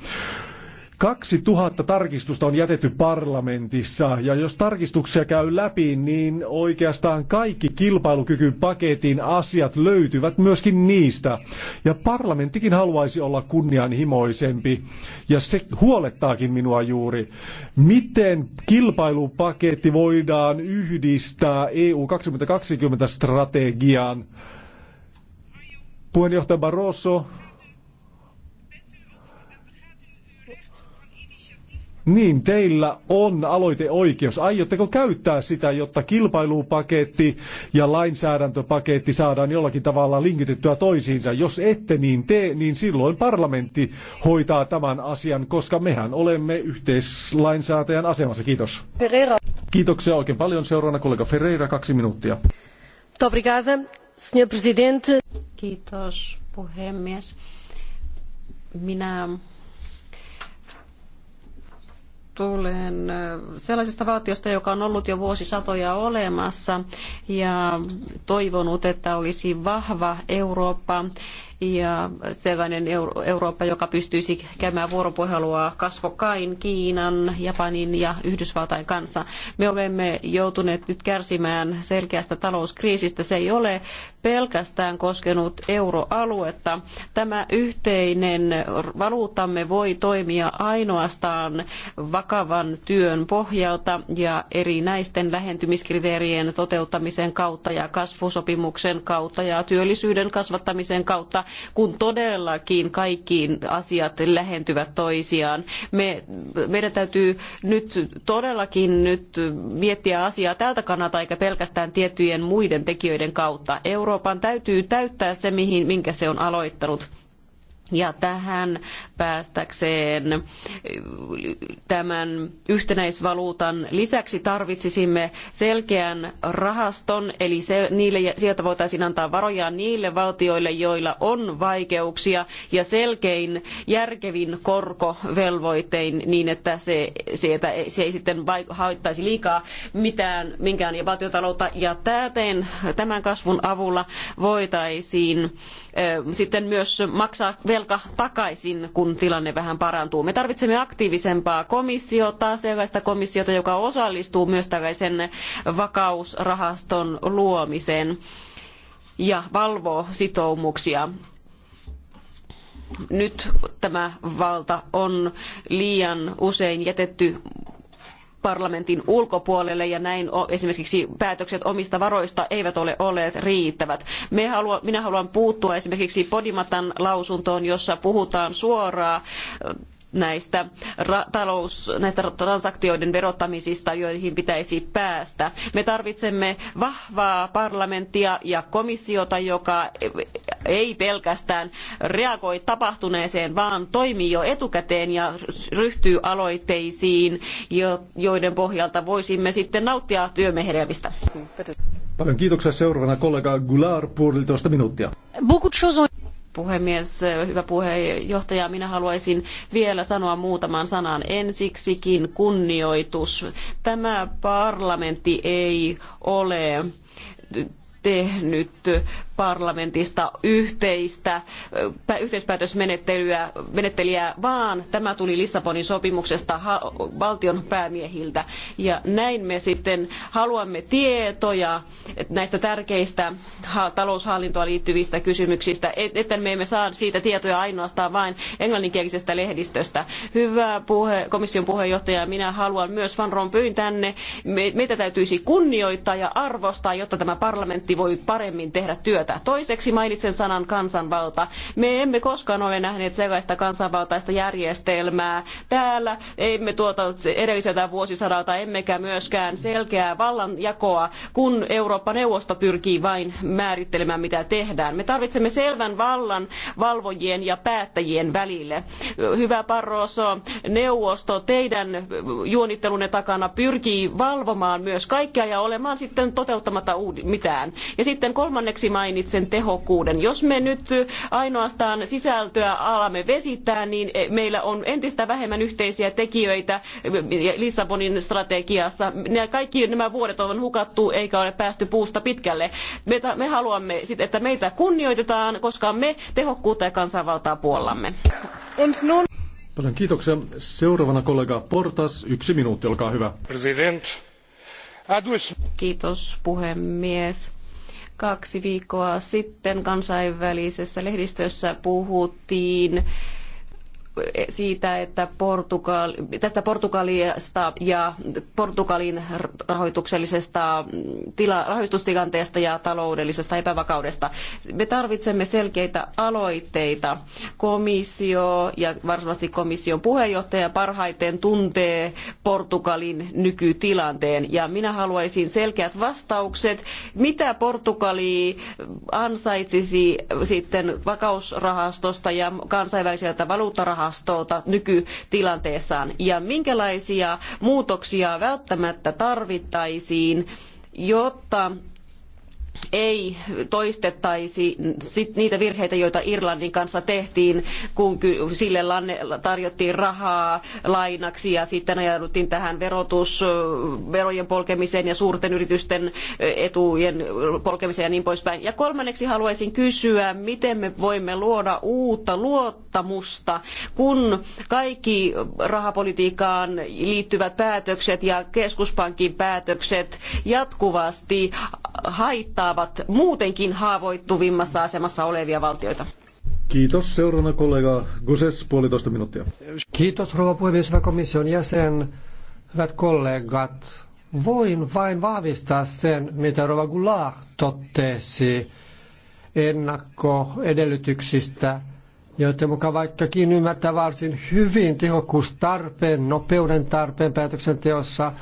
2000 tarkistusta on jätetty parlamentissa, ja jos tarkistuksia käy läpi, niin oikeastaan kaikki kilpailukykypaketin asiat löytyvät myöskin niistä. Ja parlamenttikin haluaisi olla kunnianhimoisempi, ja se huolettaakin minua juuri. Miten kilpailupaketti voidaan yhdistää EU 2020-strategiaan? Puheenjohtaja Barroso, Niin, teillä on aloiteoikeus. Aiotteko käyttää sitä, jotta kilpailupaketti ja lainsäädäntöpaketti saadaan jollakin tavalla linkitettyä toisiinsa? Jos ette niin tee, niin silloin parlamentti hoitaa tämän asian, koska mehän olemme yhteislainsäätäjän asemassa. Kiitos. Ferreira. Kiitoksia oikein paljon. Seuraavana kollega Ferreira, kaksi minuuttia. Kiitos, puhemies. Minä tulen sellaisesta valtiosta, joka on ollut jo vuosisatoja olemassa ja toivonut, että olisi vahva Eurooppa ja sellainen Euro Eurooppa, joka pystyisi käymään vuoropuhelua kasvokkain Kiinan, Japanin ja Yhdysvaltain kanssa. Me olemme joutuneet nyt kärsimään selkeästä talouskriisistä. Se ei ole pelkästään koskenut euroaluetta. Tämä yhteinen valuuttamme voi toimia ainoastaan vakavan työn pohjalta ja erinäisten lähentymiskriteerien toteuttamisen kautta ja kasvusopimuksen kautta ja työllisyyden kasvattamisen kautta, kun todellakin kaikkiin asiat lähentyvät toisiaan. Me, meidän täytyy nyt todellakin nyt miettiä asiaa tältä kannalta eikä pelkästään tiettyjen muiden tekijöiden kautta. Euro Euroopan täytyy täyttää se, mihin, minkä se on aloittanut. Ja tähän päästäkseen tämän yhtenäisvaluutan lisäksi tarvitsisimme selkeän rahaston, eli se, niille, sieltä voitaisiin antaa varoja niille valtioille, joilla on vaikeuksia, ja selkein järkevin korkovelvoitein niin, että se, sieltä, se ei sitten haittaisi liikaa mitään, minkään ja valtiotaloutta. Ja täten, tämän kasvun avulla voitaisiin äh, sitten myös maksaa velvoitteita jalka takaisin, kun tilanne vähän parantuu. Me tarvitsemme aktiivisempaa komissiota, sellaista komissiota, joka osallistuu myös tällaisen vakausrahaston luomiseen ja valvoo sitoumuksia nyt tämä valta on liian usein jätetty parlamentin ulkopuolelle ja näin esimerkiksi päätökset omista varoista eivät ole olleet riittävät. minä haluan puuttua esimerkiksi Podimatan lausuntoon, jossa puhutaan suoraan näistä, talous, näistä transaktioiden verottamisista, joihin pitäisi päästä. Me tarvitsemme vahvaa parlamenttia ja komissiota, joka ei pelkästään reagoi tapahtuneeseen, vaan toimii jo etukäteen ja ryhtyy aloitteisiin, joiden pohjalta voisimme sitten nauttia työmme hedelmistä. Paljon kiitoksia seuraavana kollega Goulart, puolitoista minuuttia puhemies, hyvä puheenjohtaja, minä haluaisin vielä sanoa muutaman sanan. Ensiksikin kunnioitus. Tämä parlamentti ei ole tehnyt parlamentista yhteistä yhteispäätösmenettelyä menettelyä vaan tämä tuli Lissabonin sopimuksesta ha- valtion päämiehiltä. Ja näin me sitten haluamme tietoja näistä tärkeistä taloushallintoa liittyvistä kysymyksistä, että me emme saa siitä tietoja ainoastaan vain englanninkielisestä lehdistöstä. Hyvä puhe, komission puheenjohtaja, minä haluan myös Van Rompuyn tänne. meitä täytyisi kunnioittaa ja arvostaa, jotta tämä parlamentti voi paremmin tehdä työtä tätä. Toiseksi mainitsen sanan kansanvalta. Me emme koskaan ole nähneet sellaista kansanvaltaista järjestelmää. Täällä emme tuota edelliseltä vuosisadalta, emmekä myöskään selkeää vallanjakoa, kun Eurooppa-neuvosto pyrkii vain määrittelemään, mitä tehdään. Me tarvitsemme selvän vallan valvojien ja päättäjien välille. Hyvä Barroso, neuvosto teidän juonittelunne takana pyrkii valvomaan myös kaikkea ja olemaan sitten toteuttamatta mitään. Ja sitten kolmanneksi mainitsen, mainitsen tehokkuuden. Jos me nyt ainoastaan sisältöä alamme vesittää, niin meillä on entistä vähemmän yhteisiä tekijöitä Lissabonin strategiassa. kaikki nämä vuodet on hukattu eikä ole päästy puusta pitkälle. Me, me haluamme, sit, että meitä kunnioitetaan, koska me tehokkuutta ja kansanvaltaa puollamme. Paljon kiitoksia. Seuraavana kollega Portas, yksi minuutti, olkaa hyvä. President. Kiitos puhemies Kaksi viikkoa sitten kansainvälisessä lehdistössä puhuttiin siitä, että Portugal, tästä Portugalista ja Portugalin rahoituksellisesta tila, rahoitustilanteesta ja taloudellisesta epävakaudesta. Me tarvitsemme selkeitä aloitteita. Komissio ja varmasti komission puheenjohtaja parhaiten tuntee Portugalin nykytilanteen. Ja minä haluaisin selkeät vastaukset, mitä Portugali ansaitsisi sitten vakausrahastosta ja kansainväliseltä valuuttarahastosta rahastolta nykytilanteessaan ja minkälaisia muutoksia välttämättä tarvittaisiin, jotta ei toistettaisi niitä virheitä, joita Irlannin kanssa tehtiin, kun sille tarjottiin rahaa lainaksi ja sitten ajauduttiin tähän verotus, verojen polkemiseen ja suurten yritysten eh, etujen polkemiseen ja niin poispäin. Ja kolmanneksi haluaisin kysyä, miten me voimme luoda uutta luottamusta, kun kaikki rahapolitiikkaan liittyvät päätökset ja keskuspankin päätökset jatkuvasti haittaavat muutenkin haavoittuvimmassa asemassa olevia valtioita. Kiitos. Seuraavana kollega Guses, puolitoista minuuttia. Kiitos rouva puhemies, hyvä komission jäsen, hyvät kollegat. Voin vain vahvistaa sen, mitä rouva Goulart totesi ennakkoedellytyksistä, joiden mukaan vaikkakin ymmärtää varsin hyvin tehokkuustarpeen, nopeuden tarpeen päätöksenteossa –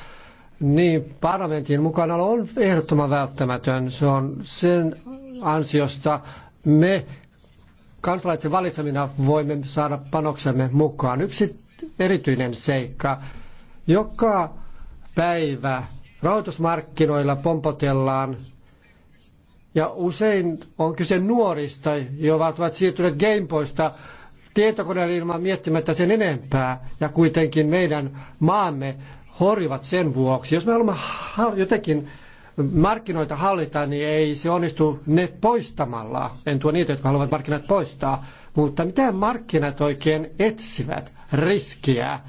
niin, parlamentin mukanaolo on ehdottoman välttämätön. Se on sen ansiosta me kansalaisten valitsemina voimme saada panoksemme mukaan. Yksi erityinen seikka. Joka päivä rahoitusmarkkinoilla pompotellaan ja usein on kyse nuorista, jotka ovat siirtyneet Gameboysta tietokoneelle ilman miettimättä sen enempää. Ja kuitenkin meidän maamme horjuvat sen vuoksi. Jos me haluamme jotenkin markkinoita hallita, niin ei se onnistu ne poistamalla. En tuo niitä, jotka haluavat markkinat poistaa. Mutta mitä markkinat oikein etsivät? Riskiä.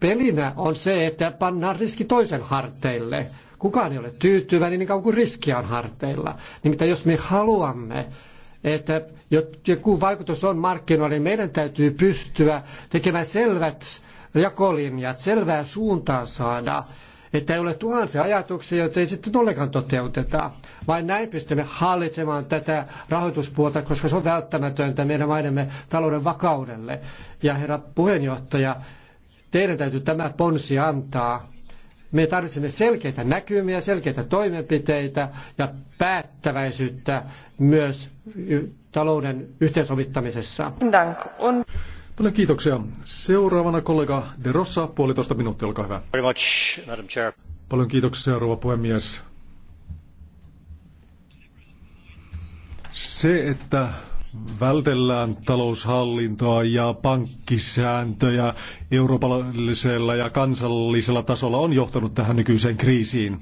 Pelinä on se, että pannaan riski toisen harteille. Kukaan ei ole tyytyväinen niin kauan kuin riskiä on harteilla. Nimittäin jos me haluamme, että joku vaikutus on markkinoilla, niin meidän täytyy pystyä tekemään selvät jakolinjat, selvää suuntaa saada, että ei ole tuhansia ajatuksia, joita ei sitten ollenkaan toteuteta. Vain näin pystymme hallitsemaan tätä rahoituspuolta, koska se on välttämätöntä meidän maidemme talouden vakaudelle. Ja herra puheenjohtaja, teidän täytyy tämä ponsi antaa. Me tarvitsemme selkeitä näkymiä, selkeitä toimenpiteitä ja päättäväisyyttä myös talouden yhteensovittamisessa. Dank. Paljon kiitoksia. Seuraavana kollega De Rossa, puolitoista minuuttia, olkaa hyvä. Very much, Madam Chair. Paljon kiitoksia, rouva puhemies. Se, että vältellään taloushallintoa ja pankkisääntöjä eurooppalaisella ja kansallisella tasolla on johtanut tähän nykyiseen kriisiin.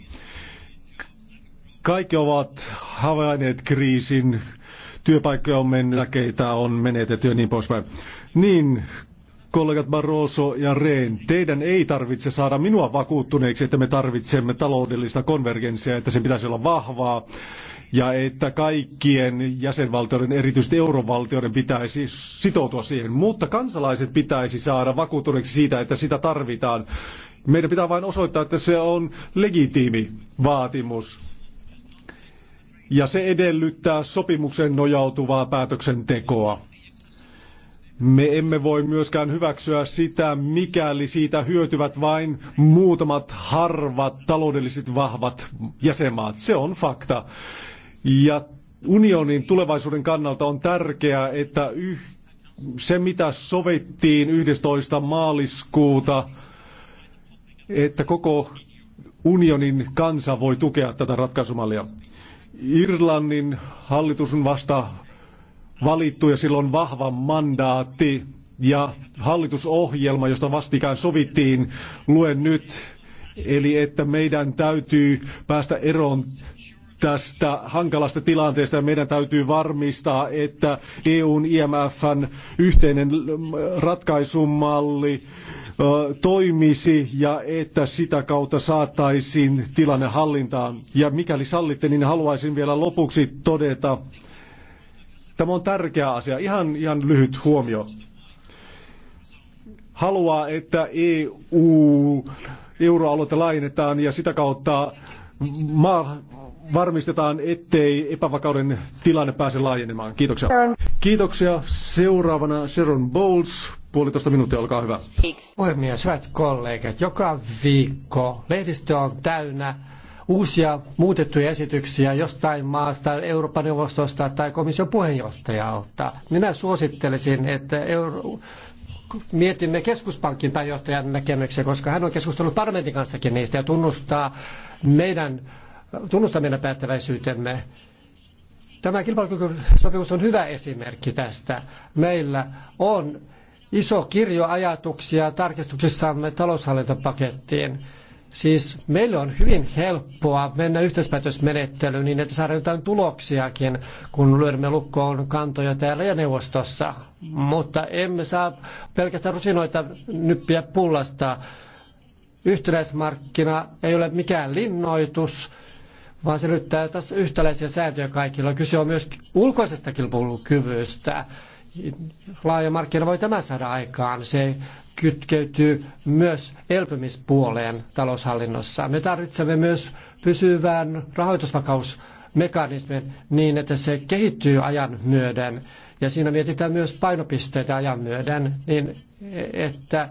Kaikki ovat havainneet kriisin työpaikkoja on menetetä, on menetetty ja niin poispäin. Niin, kollegat Barroso ja Rehn, teidän ei tarvitse saada minua vakuuttuneeksi, että me tarvitsemme taloudellista konvergenssia, että se pitäisi olla vahvaa ja että kaikkien jäsenvaltioiden, erityisesti eurovaltioiden, pitäisi sitoutua siihen. Mutta kansalaiset pitäisi saada vakuuttuneeksi siitä, että sitä tarvitaan. Meidän pitää vain osoittaa, että se on legitiimi vaatimus ja se edellyttää sopimuksen nojautuvaa päätöksentekoa. Me emme voi myöskään hyväksyä sitä, mikäli siitä hyötyvät vain muutamat harvat taloudelliset vahvat jäsenmaat. Se on fakta. Ja unionin tulevaisuuden kannalta on tärkeää, että yh, se mitä sovittiin 11. maaliskuuta, että koko unionin kansa voi tukea tätä ratkaisumallia. Irlannin hallitus on vasta valittu ja sillä on vahva mandaatti ja hallitusohjelma, josta vastikään sovittiin, luen nyt, eli että meidän täytyy päästä eroon tästä hankalasta tilanteesta ja meidän täytyy varmistaa, että EUn IMFn yhteinen ratkaisumalli toimisi ja että sitä kautta saataisiin tilanne hallintaan. Ja mikäli sallitte, niin haluaisin vielä lopuksi todeta, tämä on tärkeä asia, ihan, ihan lyhyt huomio. Haluaa, että EU, euroalueita laajennetaan ja sitä kautta varmistetaan, ettei epävakauden tilanne pääse laajenemaan. Kiitoksia. Kiitoksia. Seuraavana Sharon Bowles, puolitoista minuuttia, olkaa hyvä. Puhemies, hyvät kollegat, joka viikko lehdistö on täynnä uusia muutettuja esityksiä jostain maasta, Euroopan neuvostosta tai komission puheenjohtajalta. Minä suosittelisin, että Euro- mietimme keskuspankin pääjohtajan näkemyksiä, koska hän on keskustellut parlamentin kanssakin niistä ja tunnustaa meidän, tunnustaa meidän päättäväisyytemme. Tämä kilpailukykysopimus on hyvä esimerkki tästä. Meillä on iso kirjo ajatuksia tarkistuksissamme taloushallintopakettiin. Siis meille on hyvin helppoa mennä yhteispäätösmenettelyyn niin, että saadaan jotain tuloksiakin, kun lyömme lukkoon kantoja täällä ja neuvostossa. Mutta emme saa pelkästään rusinoita nyppiä pullasta. Yhtenäismarkkina ei ole mikään linnoitus, vaan se lyttää tässä yhtäläisiä sääntöjä kaikilla. Kyse on myös ulkoisesta kilpailukyvystä laaja markkina voi tämä saada aikaan. Se kytkeytyy myös elpymispuoleen taloushallinnossa. Me tarvitsemme myös pysyvän rahoitusvakausmekanismin niin, että se kehittyy ajan myöden. Ja siinä mietitään myös painopisteitä ajan myöden, niin että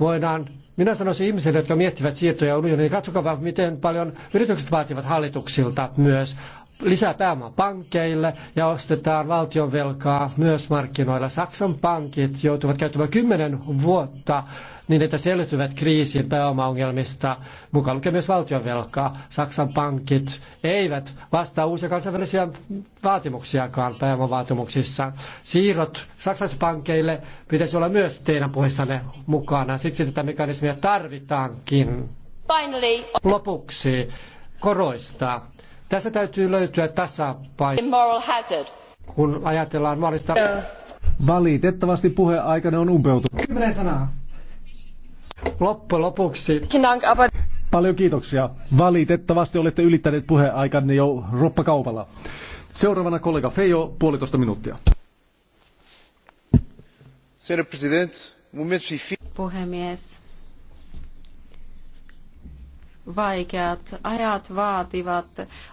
voidaan minä sanoisin ihmisille, jotka miettivät siirtoja unioniin, niin katsokaa miten paljon yritykset vaativat hallituksilta myös lisää pääomaa pankeille ja ostetaan valtionvelkaa myös markkinoilla. Saksan pankit joutuvat käyttämään kymmenen vuotta niin, että selviytyvät kriisin pääomaongelmista, mukaan lukee myös valtionvelkaa. Saksan pankit eivät vastaa uusia kansainvälisiä vaatimuksiakaan pääomavaatimuksissa. Siirrot saksalaisille pankeille pitäisi olla myös teidän puheissanne mukana. Siksi tätä mekanismia tarvitaankin. Lopuksi koroista tässä täytyy löytyä tasapaino, kun ajatellaan mahdollista... Valitettavasti puheaikana on umpeutunut. Kymmenen sanaa. Loppu lopuksi. Paljon kiitoksia. Valitettavasti olette ylittäneet puheaikanne jo roppakaupalla. Seuraavana kollega Feio, puolitoista minuuttia. Puhemies, Vaikeat ajat vaativat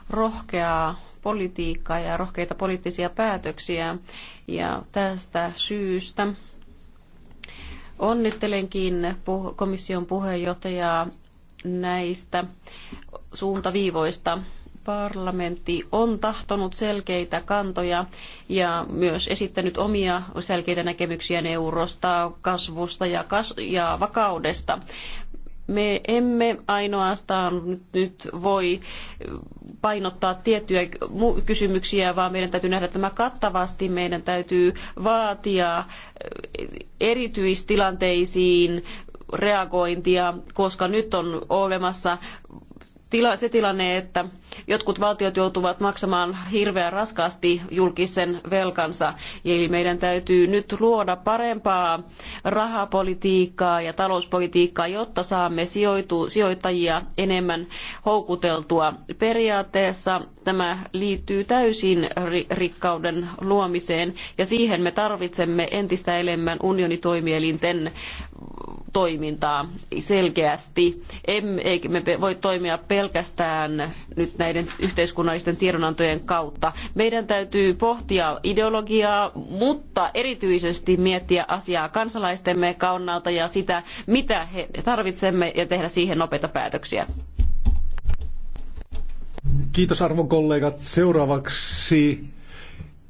rohkeaa politiikkaa ja rohkeita poliittisia päätöksiä. Ja tästä syystä onnittelenkin komission puheenjohtajaa näistä suuntaviivoista. Parlamentti on tahtonut selkeitä kantoja ja myös esittänyt omia selkeitä näkemyksiä eurosta, kasvusta ja, kas- ja vakaudesta me emme ainoastaan nyt voi painottaa tiettyjä kysymyksiä, vaan meidän täytyy nähdä tämä kattavasti. Meidän täytyy vaatia erityistilanteisiin reagointia, koska nyt on olemassa tila, se tilanne, että jotkut valtiot joutuvat maksamaan hirveän raskaasti julkisen velkansa. Eli meidän täytyy nyt luoda parempaa rahapolitiikkaa ja talouspolitiikkaa, jotta saamme sijoitu, sijoittajia enemmän houkuteltua. Periaatteessa tämä liittyy täysin rikkauden luomiseen ja siihen me tarvitsemme entistä enemmän unionitoimielinten toimintaa selkeästi. Emme me voi toimia pelkästään nyt näiden yhteiskunnallisten tiedonantojen kautta. Meidän täytyy pohtia ideologiaa, mutta erityisesti miettiä asiaa kansalaistemme kannalta ja sitä, mitä he tarvitsemme ja tehdä siihen nopeita päätöksiä. Kiitos arvon kollegat. Seuraavaksi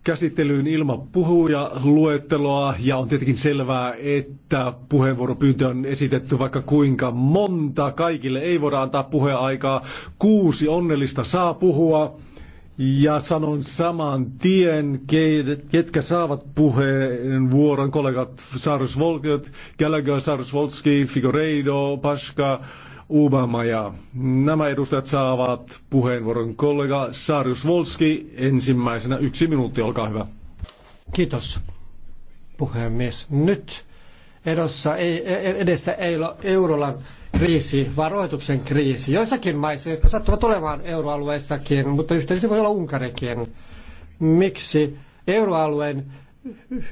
käsittelyyn ilman puhuja luetteloa ja on tietenkin selvää, että puheenvuoropyyntö on esitetty vaikka kuinka monta. Kaikille ei voida antaa puheaikaa. Kuusi onnellista saa puhua ja sanon saman tien, ketkä saavat puheenvuoron. Kollegat Sarus Volkiot, Gallagher, Sarus Volski, Figoreido, Paska, Obama ja nämä edustajat saavat puheenvuoron kollega Sarius Volski ensimmäisenä. Yksi minuutti, olkaa hyvä. Kiitos puhemies. Nyt edossa ei, e, edessä ei ole eurolan kriisi, vaan rahoituksen kriisi. Joissakin maissa, jotka sattuvat olemaan euroalueessakin, mutta yhteydessä voi olla Unkarikin. Miksi euroalueen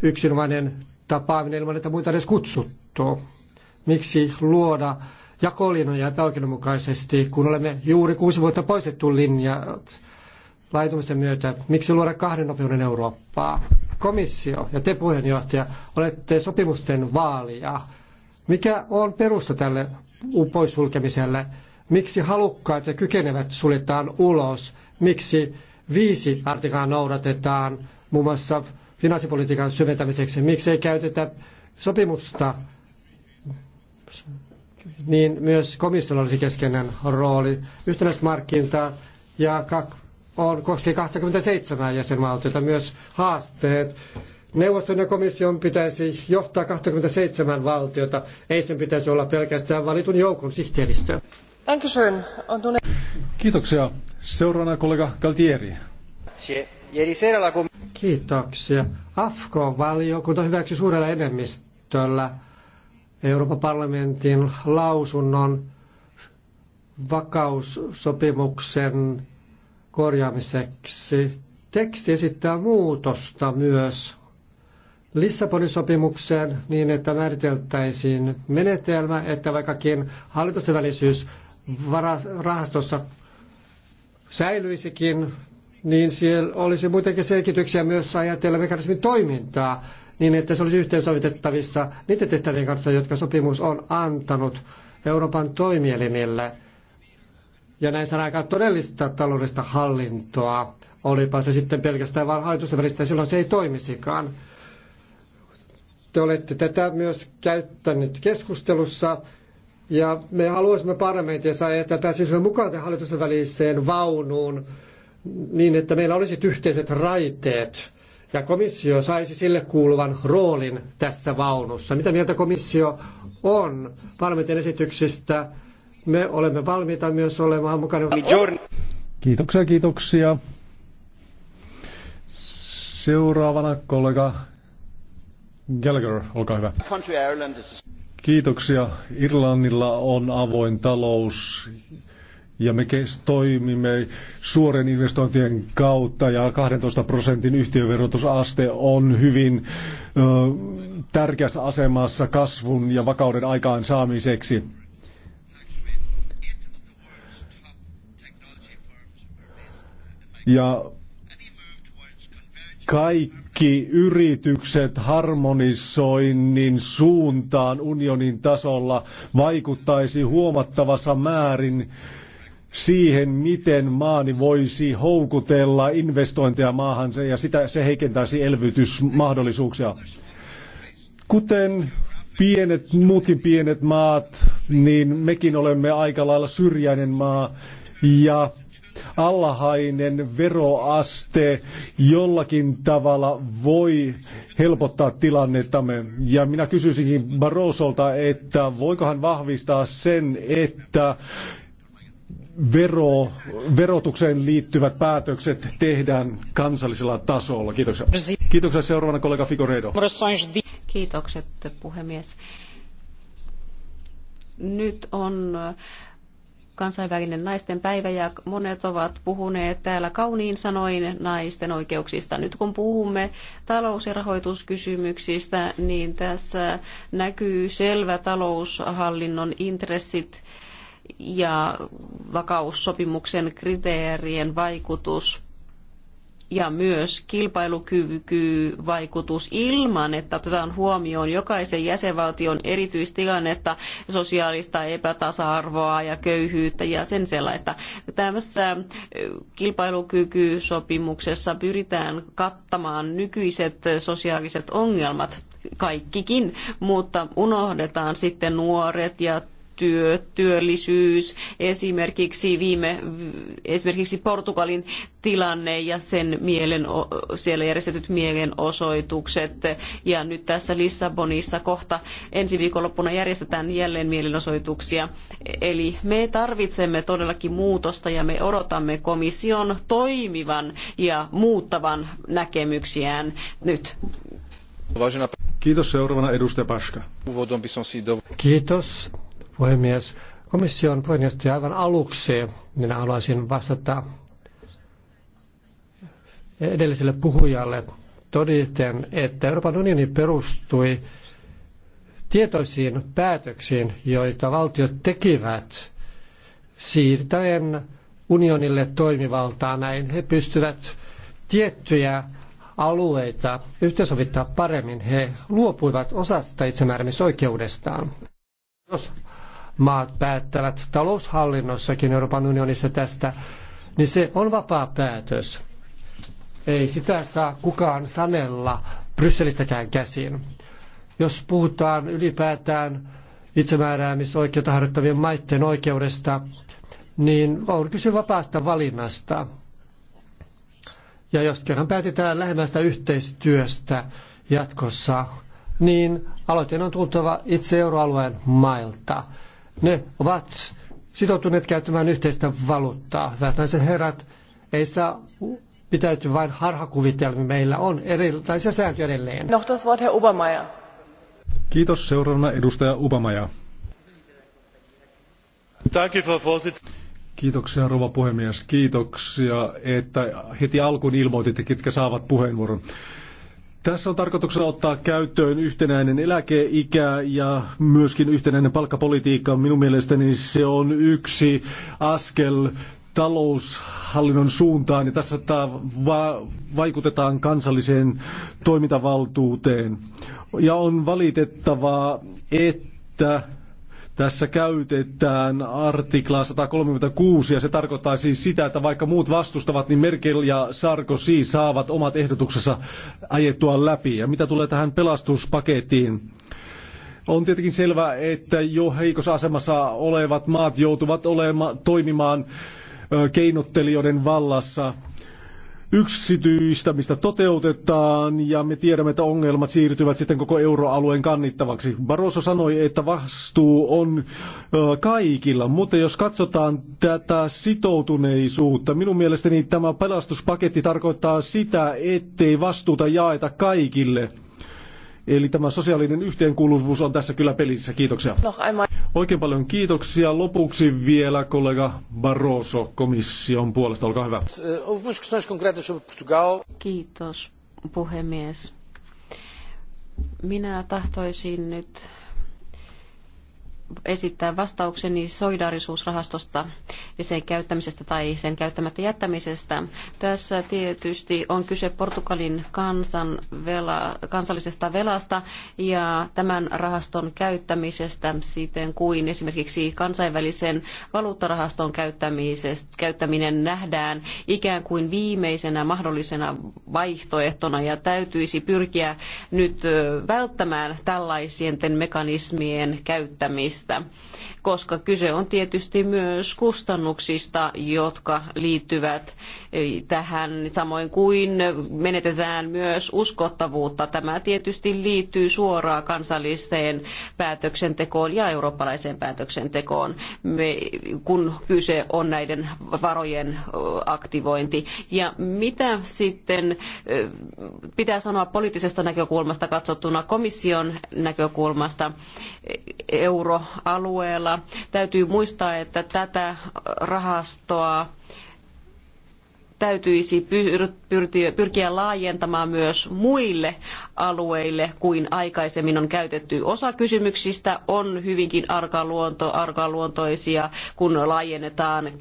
yksinomainen tapaaminen ilman, että muita edes kutsuttu? Miksi luoda jakolinjoja epäoikeudenmukaisesti, kun olemme juuri kuusi vuotta poistettu linjat laitumisen myötä. Miksi luoda kahden nopeuden Eurooppaa? Komissio ja te puheenjohtaja olette sopimusten vaalia. Mikä on perusta tälle poissulkemiselle? Miksi halukkaat ja kykenevät suljetaan ulos? Miksi viisi artikaa noudatetaan muun muassa finanssipolitiikan syventämiseksi? Miksi ei käytetä sopimusta niin myös komissiolla olisi keskeinen rooli. Yhtenäismarkkinta ja on koskee 27 jäsenvaltiota myös haasteet. Neuvoston ja komission pitäisi johtaa 27 valtiota. Ei sen pitäisi olla pelkästään valitun joukon sihteeristö. Kiitoksia. Seuraavana kollega Galtieri. Kiitoksia. AFK-valiokunta hyväksyi suurella enemmistöllä Euroopan parlamentin lausunnon vakaussopimuksen korjaamiseksi. Teksti esittää muutosta myös Lissabonin sopimukseen niin, että määriteltäisiin menetelmä, että vaikkakin hallitustenvälisyys rahastossa säilyisikin, niin siellä olisi muutenkin selkityksiä myös ajatella mekanismin toimintaa niin että se olisi yhteensovitettavissa niiden tehtävien kanssa, jotka sopimus on antanut Euroopan toimielimille. Ja näin saadaan aikaan todellista taloudellista hallintoa, olipa se sitten pelkästään vain hallitusten välistä, silloin se ei toimisikaan. Te olette tätä myös käyttänyt keskustelussa, ja me haluaisimme parlamentissa, että pääsisimme mukaan tähän hallitusten väliseen vaunuun, niin että meillä olisi yhteiset raiteet ja komissio saisi sille kuuluvan roolin tässä vaunussa. Mitä mieltä komissio on parlamentin esityksistä? Me olemme valmiita myös olemaan mukana. Kiitoksia, kiitoksia. Seuraavana kollega Gallagher, olkaa hyvä. Kiitoksia. Irlannilla on avoin talous ja me toimimme suoren investointien kautta ja 12 prosentin yhtiöverotusaste on hyvin ö, tärkeässä asemassa kasvun ja vakauden aikaan saamiseksi. Ja kaikki yritykset harmonisoinnin suuntaan unionin tasolla vaikuttaisi huomattavassa määrin siihen, miten maani voisi houkutella investointeja maahansa ja sitä, se heikentäisi elvytysmahdollisuuksia. Kuten pienet, muutkin pienet maat, niin mekin olemme aika lailla syrjäinen maa ja alhainen veroaste jollakin tavalla voi helpottaa tilannettamme. Ja minä kysyisinkin Barrosolta, että voiko hän vahvistaa sen, että vero, verotukseen liittyvät päätökset tehdään kansallisella tasolla. Kiitoksia. Kiitoksia seuraavana kollega Figoredo. Kiitokset puhemies. Nyt on kansainvälinen naisten päivä ja monet ovat puhuneet täällä kauniin sanoin naisten oikeuksista. Nyt kun puhumme talous- ja rahoituskysymyksistä, niin tässä näkyy selvä taloushallinnon intressit ja vakaussopimuksen kriteerien vaikutus ja myös vaikutus ilman, että otetaan huomioon jokaisen jäsenvaltion erityistilannetta, sosiaalista epätasa-arvoa ja köyhyyttä ja sen sellaista. Tässä kilpailukykysopimuksessa pyritään kattamaan nykyiset sosiaaliset ongelmat kaikkikin, mutta unohdetaan sitten nuoret ja työ, työllisyys, esimerkiksi, viime, esimerkiksi Portugalin tilanne ja sen mielen, siellä järjestetyt mielenosoitukset. Ja nyt tässä Lissabonissa kohta ensi viikonloppuna järjestetään jälleen mielenosoituksia. Eli me tarvitsemme todellakin muutosta ja me odotamme komission toimivan ja muuttavan näkemyksiään nyt. Kiitos seuraavana edustaja Paska. Kiitos puhemies. Komission puheenjohtaja aivan aluksi minä haluaisin vastata edelliselle puhujalle todeten, että Euroopan unioni perustui tietoisiin päätöksiin, joita valtiot tekivät siirtäen unionille toimivaltaa. Näin he pystyvät tiettyjä alueita yhteensovittaa paremmin. He luopuivat osasta itsemääräämisoikeudestaan. Jos maat päättävät taloushallinnossakin Euroopan unionissa tästä, niin se on vapaa päätös. Ei sitä saa kukaan sanella Brysselistäkään käsin. Jos puhutaan ylipäätään itsemääräämisoikeutta harjoittavien maiden oikeudesta, niin on kyse vapaasta valinnasta. Ja jos kerran päätetään lähemmästä yhteistyöstä jatkossa, niin aloitteen on tultava itse euroalueen mailta. Ne ovat sitoutuneet käyttämään yhteistä valuuttaa. Hyvät herrat, ei saa pitäytyä vain harhakuvitelmi. Meillä on erilaisia sääntöjä edelleen. No, das Wort, Herr Obermeier. Kiitos. Seuraavana edustaja Ubamaja. Kiitoksia rouva puhemies. Kiitoksia, että heti alkuun ilmoititte, ketkä saavat puheenvuoron. Tässä on tarkoituksena ottaa käyttöön yhtenäinen eläkeikä ja myöskin yhtenäinen palkkapolitiikka. Minun mielestäni se on yksi askel taloushallinnon suuntaan ja tässä va- vaikutetaan kansalliseen toimintavaltuuteen. Ja on valitettavaa, että tässä käytetään artiklaa 136 ja se tarkoittaa siis sitä, että vaikka muut vastustavat, niin Merkel ja Sarkozy saavat omat ehdotuksensa ajettua läpi. Ja mitä tulee tähän pelastuspakettiin, on tietenkin selvää, että jo heikossa asemassa olevat maat joutuvat olema, toimimaan keinottelijoiden vallassa yksityistämistä toteutetaan ja me tiedämme, että ongelmat siirtyvät sitten koko euroalueen kannittavaksi. Barroso sanoi, että vastuu on kaikilla, mutta jos katsotaan tätä sitoutuneisuutta, minun mielestäni tämä pelastuspaketti tarkoittaa sitä, ettei vastuuta jaeta kaikille – Eli tämä sosiaalinen yhteenkuuluvuus on tässä kyllä pelissä. Kiitoksia. Oikein paljon kiitoksia. Lopuksi vielä kollega Barroso komission puolesta. Olkaa hyvä. Kiitos puhemies. Minä tahtoisin nyt esittää vastaukseni solidaarisuusrahastosta ja sen käyttämisestä tai sen käyttämättä jättämisestä. Tässä tietysti on kyse Portugalin kansan vela, kansallisesta velasta ja tämän rahaston käyttämisestä siten kuin esimerkiksi kansainvälisen valuuttarahaston käyttäminen nähdään ikään kuin viimeisenä mahdollisena vaihtoehtona ja täytyisi pyrkiä nyt välttämään tällaisten mekanismien käyttämistä niistä, koska kyse on tietysti myös kustannuksista, jotka liittyvät e, tähän, samoin kuin menetetään myös uskottavuutta. Tämä tietysti liittyy suoraan kansalliseen päätöksentekoon ja eurooppalaiseen päätöksentekoon, kun kyse on näiden varojen aktivointi. Ja mitä sitten pitää sanoa poliittisesta näkökulmasta katsottuna komission näkökulmasta e, euro euroalueella. Täytyy muistaa, että tätä rahastoa täytyisi pyrkiä laajentamaan myös muille alueille kuin aikaisemmin on käytetty. Osa kysymyksistä on hyvinkin arkaluonto, arkaluontoisia, kun laajennetaan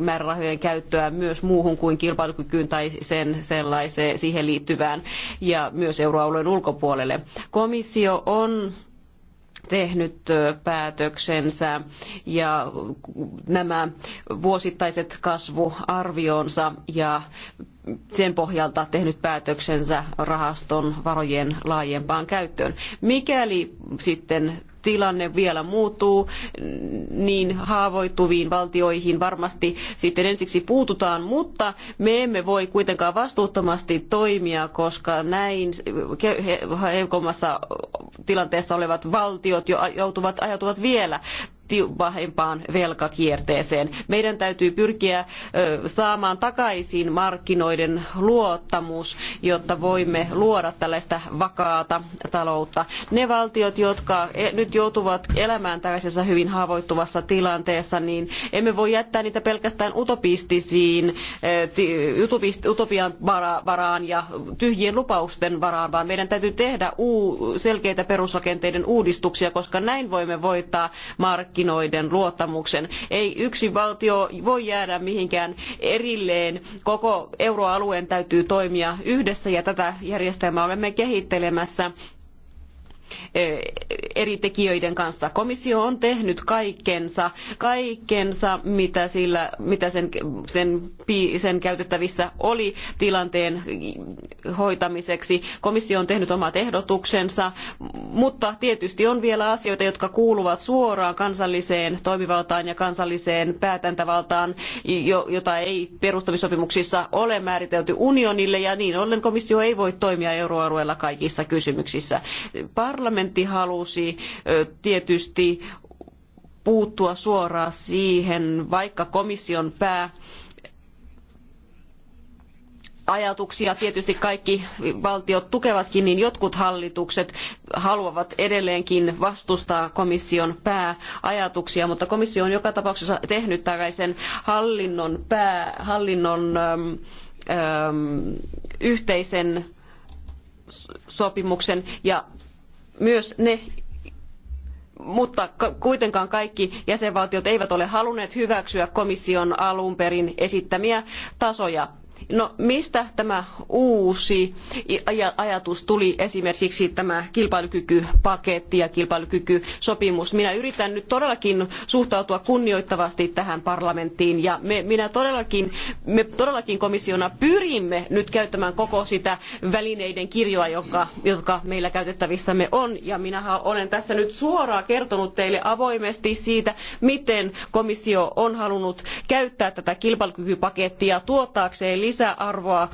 määrärahojen käyttöä myös muuhun kuin kilpailukykyyn tai sen sellaiseen siihen liittyvään ja myös euroalueen ulkopuolelle. Komissio on tehnyt päätöksensä ja nämä vuosittaiset kasvuarvionsa ja sen pohjalta tehnyt päätöksensä rahaston varojen laajempaan käyttöön. Mikäli sitten tilanne vielä muuttuu, niin haavoittuviin valtioihin varmasti sitten ensiksi puututaan, mutta me emme voi kuitenkaan vastuuttomasti toimia, koska näin heikommassa e tilanteessa olevat valtiot jo joutuvat, ajautuvat vielä pahempaan velkakierteeseen. Meidän täytyy pyrkiä saamaan takaisin markkinoiden luottamus, jotta voimme luoda tällaista vakaata taloutta. Ne valtiot, jotka e, nyt joutuvat elämään tällaisessa hyvin haavoittuvassa tilanteessa, niin emme voi jättää niitä pelkästään utopistisiin, utopian varaan ja tyhjien lupausten varaan, vaan meidän täytyy tehdä selkeitä perusrakenteiden uudistuksia, koska näin voimme voittaa markkinoita markkinoiden luottamuksen. Ei yksi valtio voi jäädä mihinkään erilleen. Koko euroalueen täytyy toimia yhdessä ja tätä järjestelmää olemme kehittelemässä eri tekijöiden kanssa. Komissio on tehnyt kaikkensa, kaikkensa mitä, sillä, mitä sen, sen, sen käytettävissä oli tilanteen hoitamiseksi. Komissio on tehnyt omat ehdotuksensa, mutta tietysti on vielä asioita, jotka kuuluvat suoraan kansalliseen toimivaltaan ja kansalliseen päätäntävaltaan, jota ei perustamissopimuksissa ole määritelty unionille, ja niin ollen komissio ei voi toimia euroalueella kaikissa kysymyksissä. Par- parlamentti halusi tietysti puuttua suoraan siihen, vaikka komission pää ajatuksia tietysti kaikki valtiot tukevatkin, niin jotkut hallitukset haluavat edelleenkin vastustaa komission pääajatuksia, mutta komissio on joka tapauksessa tehnyt tällaisen hallinnon, pää, hallinnon äm, äm, yhteisen sopimuksen ja myös ne, mutta kuitenkaan kaikki jäsenvaltiot eivät ole halunneet hyväksyä komission alun perin esittämiä tasoja No mistä tämä uusi ajatus tuli esimerkiksi tämä kilpailukykypaketti ja kilpailukykysopimus? Minä yritän nyt todellakin suhtautua kunnioittavasti tähän parlamenttiin ja me, minä todellakin, me todellakin komissiona pyrimme nyt käyttämään koko sitä välineiden kirjoa, joka, jotka meillä käytettävissämme on ja minä olen tässä nyt suoraan kertonut teille avoimesti siitä, miten komissio on halunnut käyttää tätä kilpailukykypakettia tuottaakseen lisää lisäarvoa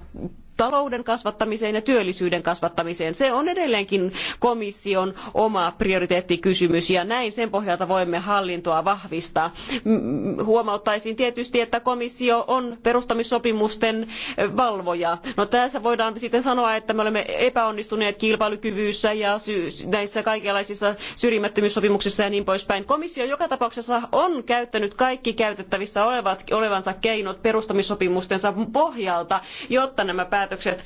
talouden kasvattamiseen ja työllisyyden kasvattamiseen. Se on edelleenkin komission oma prioriteettikysymys ja näin sen pohjalta voimme hallintoa vahvistaa. Huomauttaisin tietysti, että komissio on perustamissopimusten valvoja. No tässä voidaan sitten sanoa, että me olemme epäonnistuneet kilpailukyvyssä ja näissä kaikenlaisissa syrjimättömyyssopimuksissa ja niin poispäin. Komissio joka tapauksessa on käyttänyt kaikki käytettävissä olevat, olevansa keinot perustamissopimustensa pohjalta, jotta nämä päätökset päätökset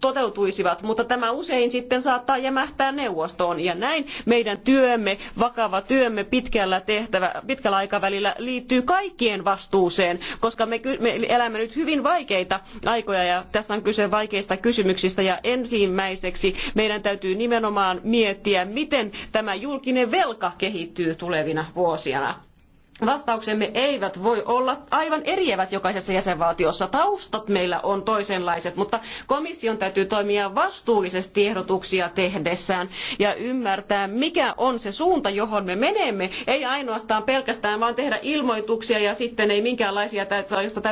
toteutuisivat, mutta tämä usein sitten saattaa jämähtää neuvostoon. Ja näin meidän työmme, vakava työmme pitkällä, tehtävä, pitkällä aikavälillä liittyy kaikkien vastuuseen, koska me, me elämme nyt hyvin vaikeita aikoja ja tässä on kyse vaikeista kysymyksistä. Ja ensimmäiseksi meidän täytyy nimenomaan miettiä, miten tämä julkinen velka kehittyy tulevina vuosina vastauksemme eivät voi olla aivan eriävät jokaisessa jäsenvaltiossa. Taustat meillä on toisenlaiset, mutta komission täytyy toimia vastuullisesti ehdotuksia tehdessään ja ymmärtää, mikä on se suunta, johon me menemme. Ei ainoastaan pelkästään vaan tehdä ilmoituksia ja sitten ei minkäänlaisia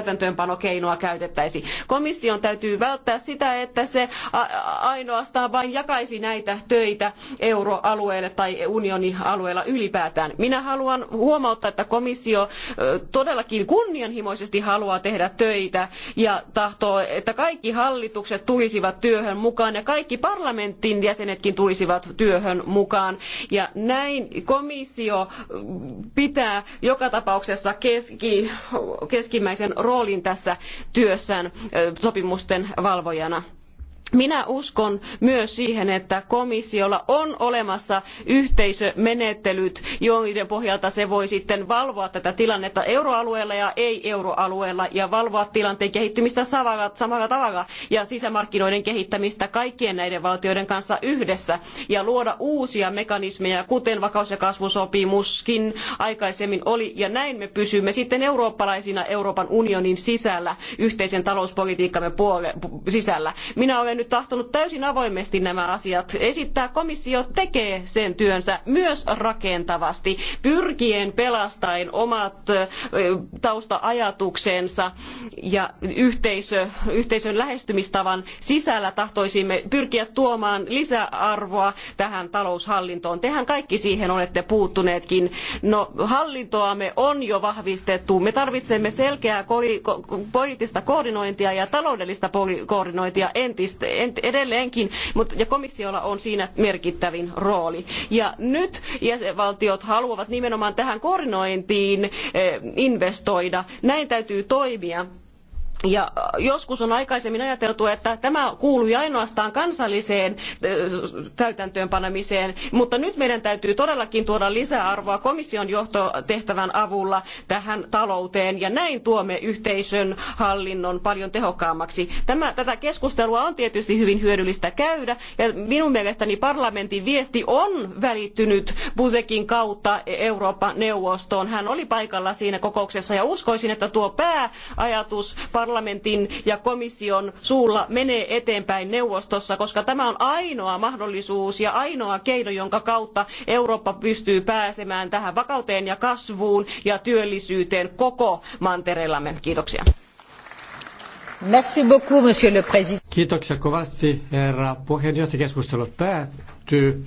täytäntöönpanokeinoa käytettäisi. Komission täytyy välttää sitä, että se ainoastaan vain jakaisi näitä töitä euroalueelle tai unionin alueella ylipäätään. Minä haluan huomauttaa, että komissio todellakin kunnianhimoisesti haluaa tehdä töitä ja tahtoo, että kaikki hallitukset tulisivat työhön mukaan ja kaikki parlamentin jäsenetkin tulisivat työhön mukaan. Ja näin komissio pitää joka tapauksessa keski, keskimmäisen roolin tässä työssään sopimusten valvojana minä uskon myös siihen, että komissiolla on olemassa yhteisömenettelyt, joiden pohjalta se voi sitten valvoa tätä tilannetta euroalueella ja ei-euroalueella ja valvoa tilanteen kehittymistä samalla, tavalla ja sisämarkkinoiden kehittämistä kaikkien näiden valtioiden kanssa yhdessä ja luoda uusia mekanismeja, kuten vakaus- ja kasvusopimuskin aikaisemmin oli. Ja näin me pysymme sitten eurooppalaisina Euroopan unionin sisällä, yhteisen talouspolitiikkamme puole- sisällä. Minä olen nyt tahtonut täysin avoimesti nämä asiat esittää. Komissio tekee sen työnsä myös rakentavasti, pyrkien pelastaen omat tausta-ajatuksensa ja yhteisö, yhteisön lähestymistavan sisällä tahtoisimme pyrkiä tuomaan lisäarvoa tähän taloushallintoon. Tehän kaikki siihen olette puuttuneetkin. No, hallintoamme on jo vahvistettu. Me tarvitsemme selkeää poliittista koordinointia ja taloudellista koordinointia entistä, edelleenkin, mutta, ja komissiolla on siinä merkittävin rooli. Ja nyt jäsenvaltiot haluavat nimenomaan tähän koordinointiin eh, investoida. Näin täytyy toimia ja joskus on aikaisemmin ajateltu, että tämä kuului ainoastaan kansalliseen täytäntöönpanemiseen, mutta nyt meidän täytyy todellakin tuoda lisäarvoa komission johtotehtävän avulla tähän talouteen, ja näin tuomme yhteisön hallinnon paljon tehokkaammaksi. Tämä, tätä keskustelua on tietysti hyvin hyödyllistä käydä, ja minun mielestäni parlamentin viesti on välittynyt Busekin kautta Euroopan neuvostoon. Hän oli paikalla siinä kokouksessa, ja uskoisin, että tuo pääajatus parlamentin parlamentin ja komission suulla menee eteenpäin neuvostossa, koska tämä on ainoa mahdollisuus ja ainoa keino, jonka kautta Eurooppa pystyy pääsemään tähän vakauteen ja kasvuun ja työllisyyteen koko mantereellamme. Kiitoksia. Merci beaucoup, monsieur le président. Kiitoksia kovasti, herra puheenjohtaja. Keskustelu päättyy.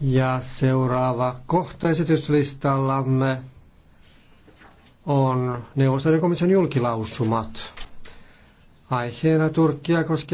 Ja seuraava kohta esityslistallamme on neuvostoliiton komission julkilausumat. Aiheena Turkkia koskeva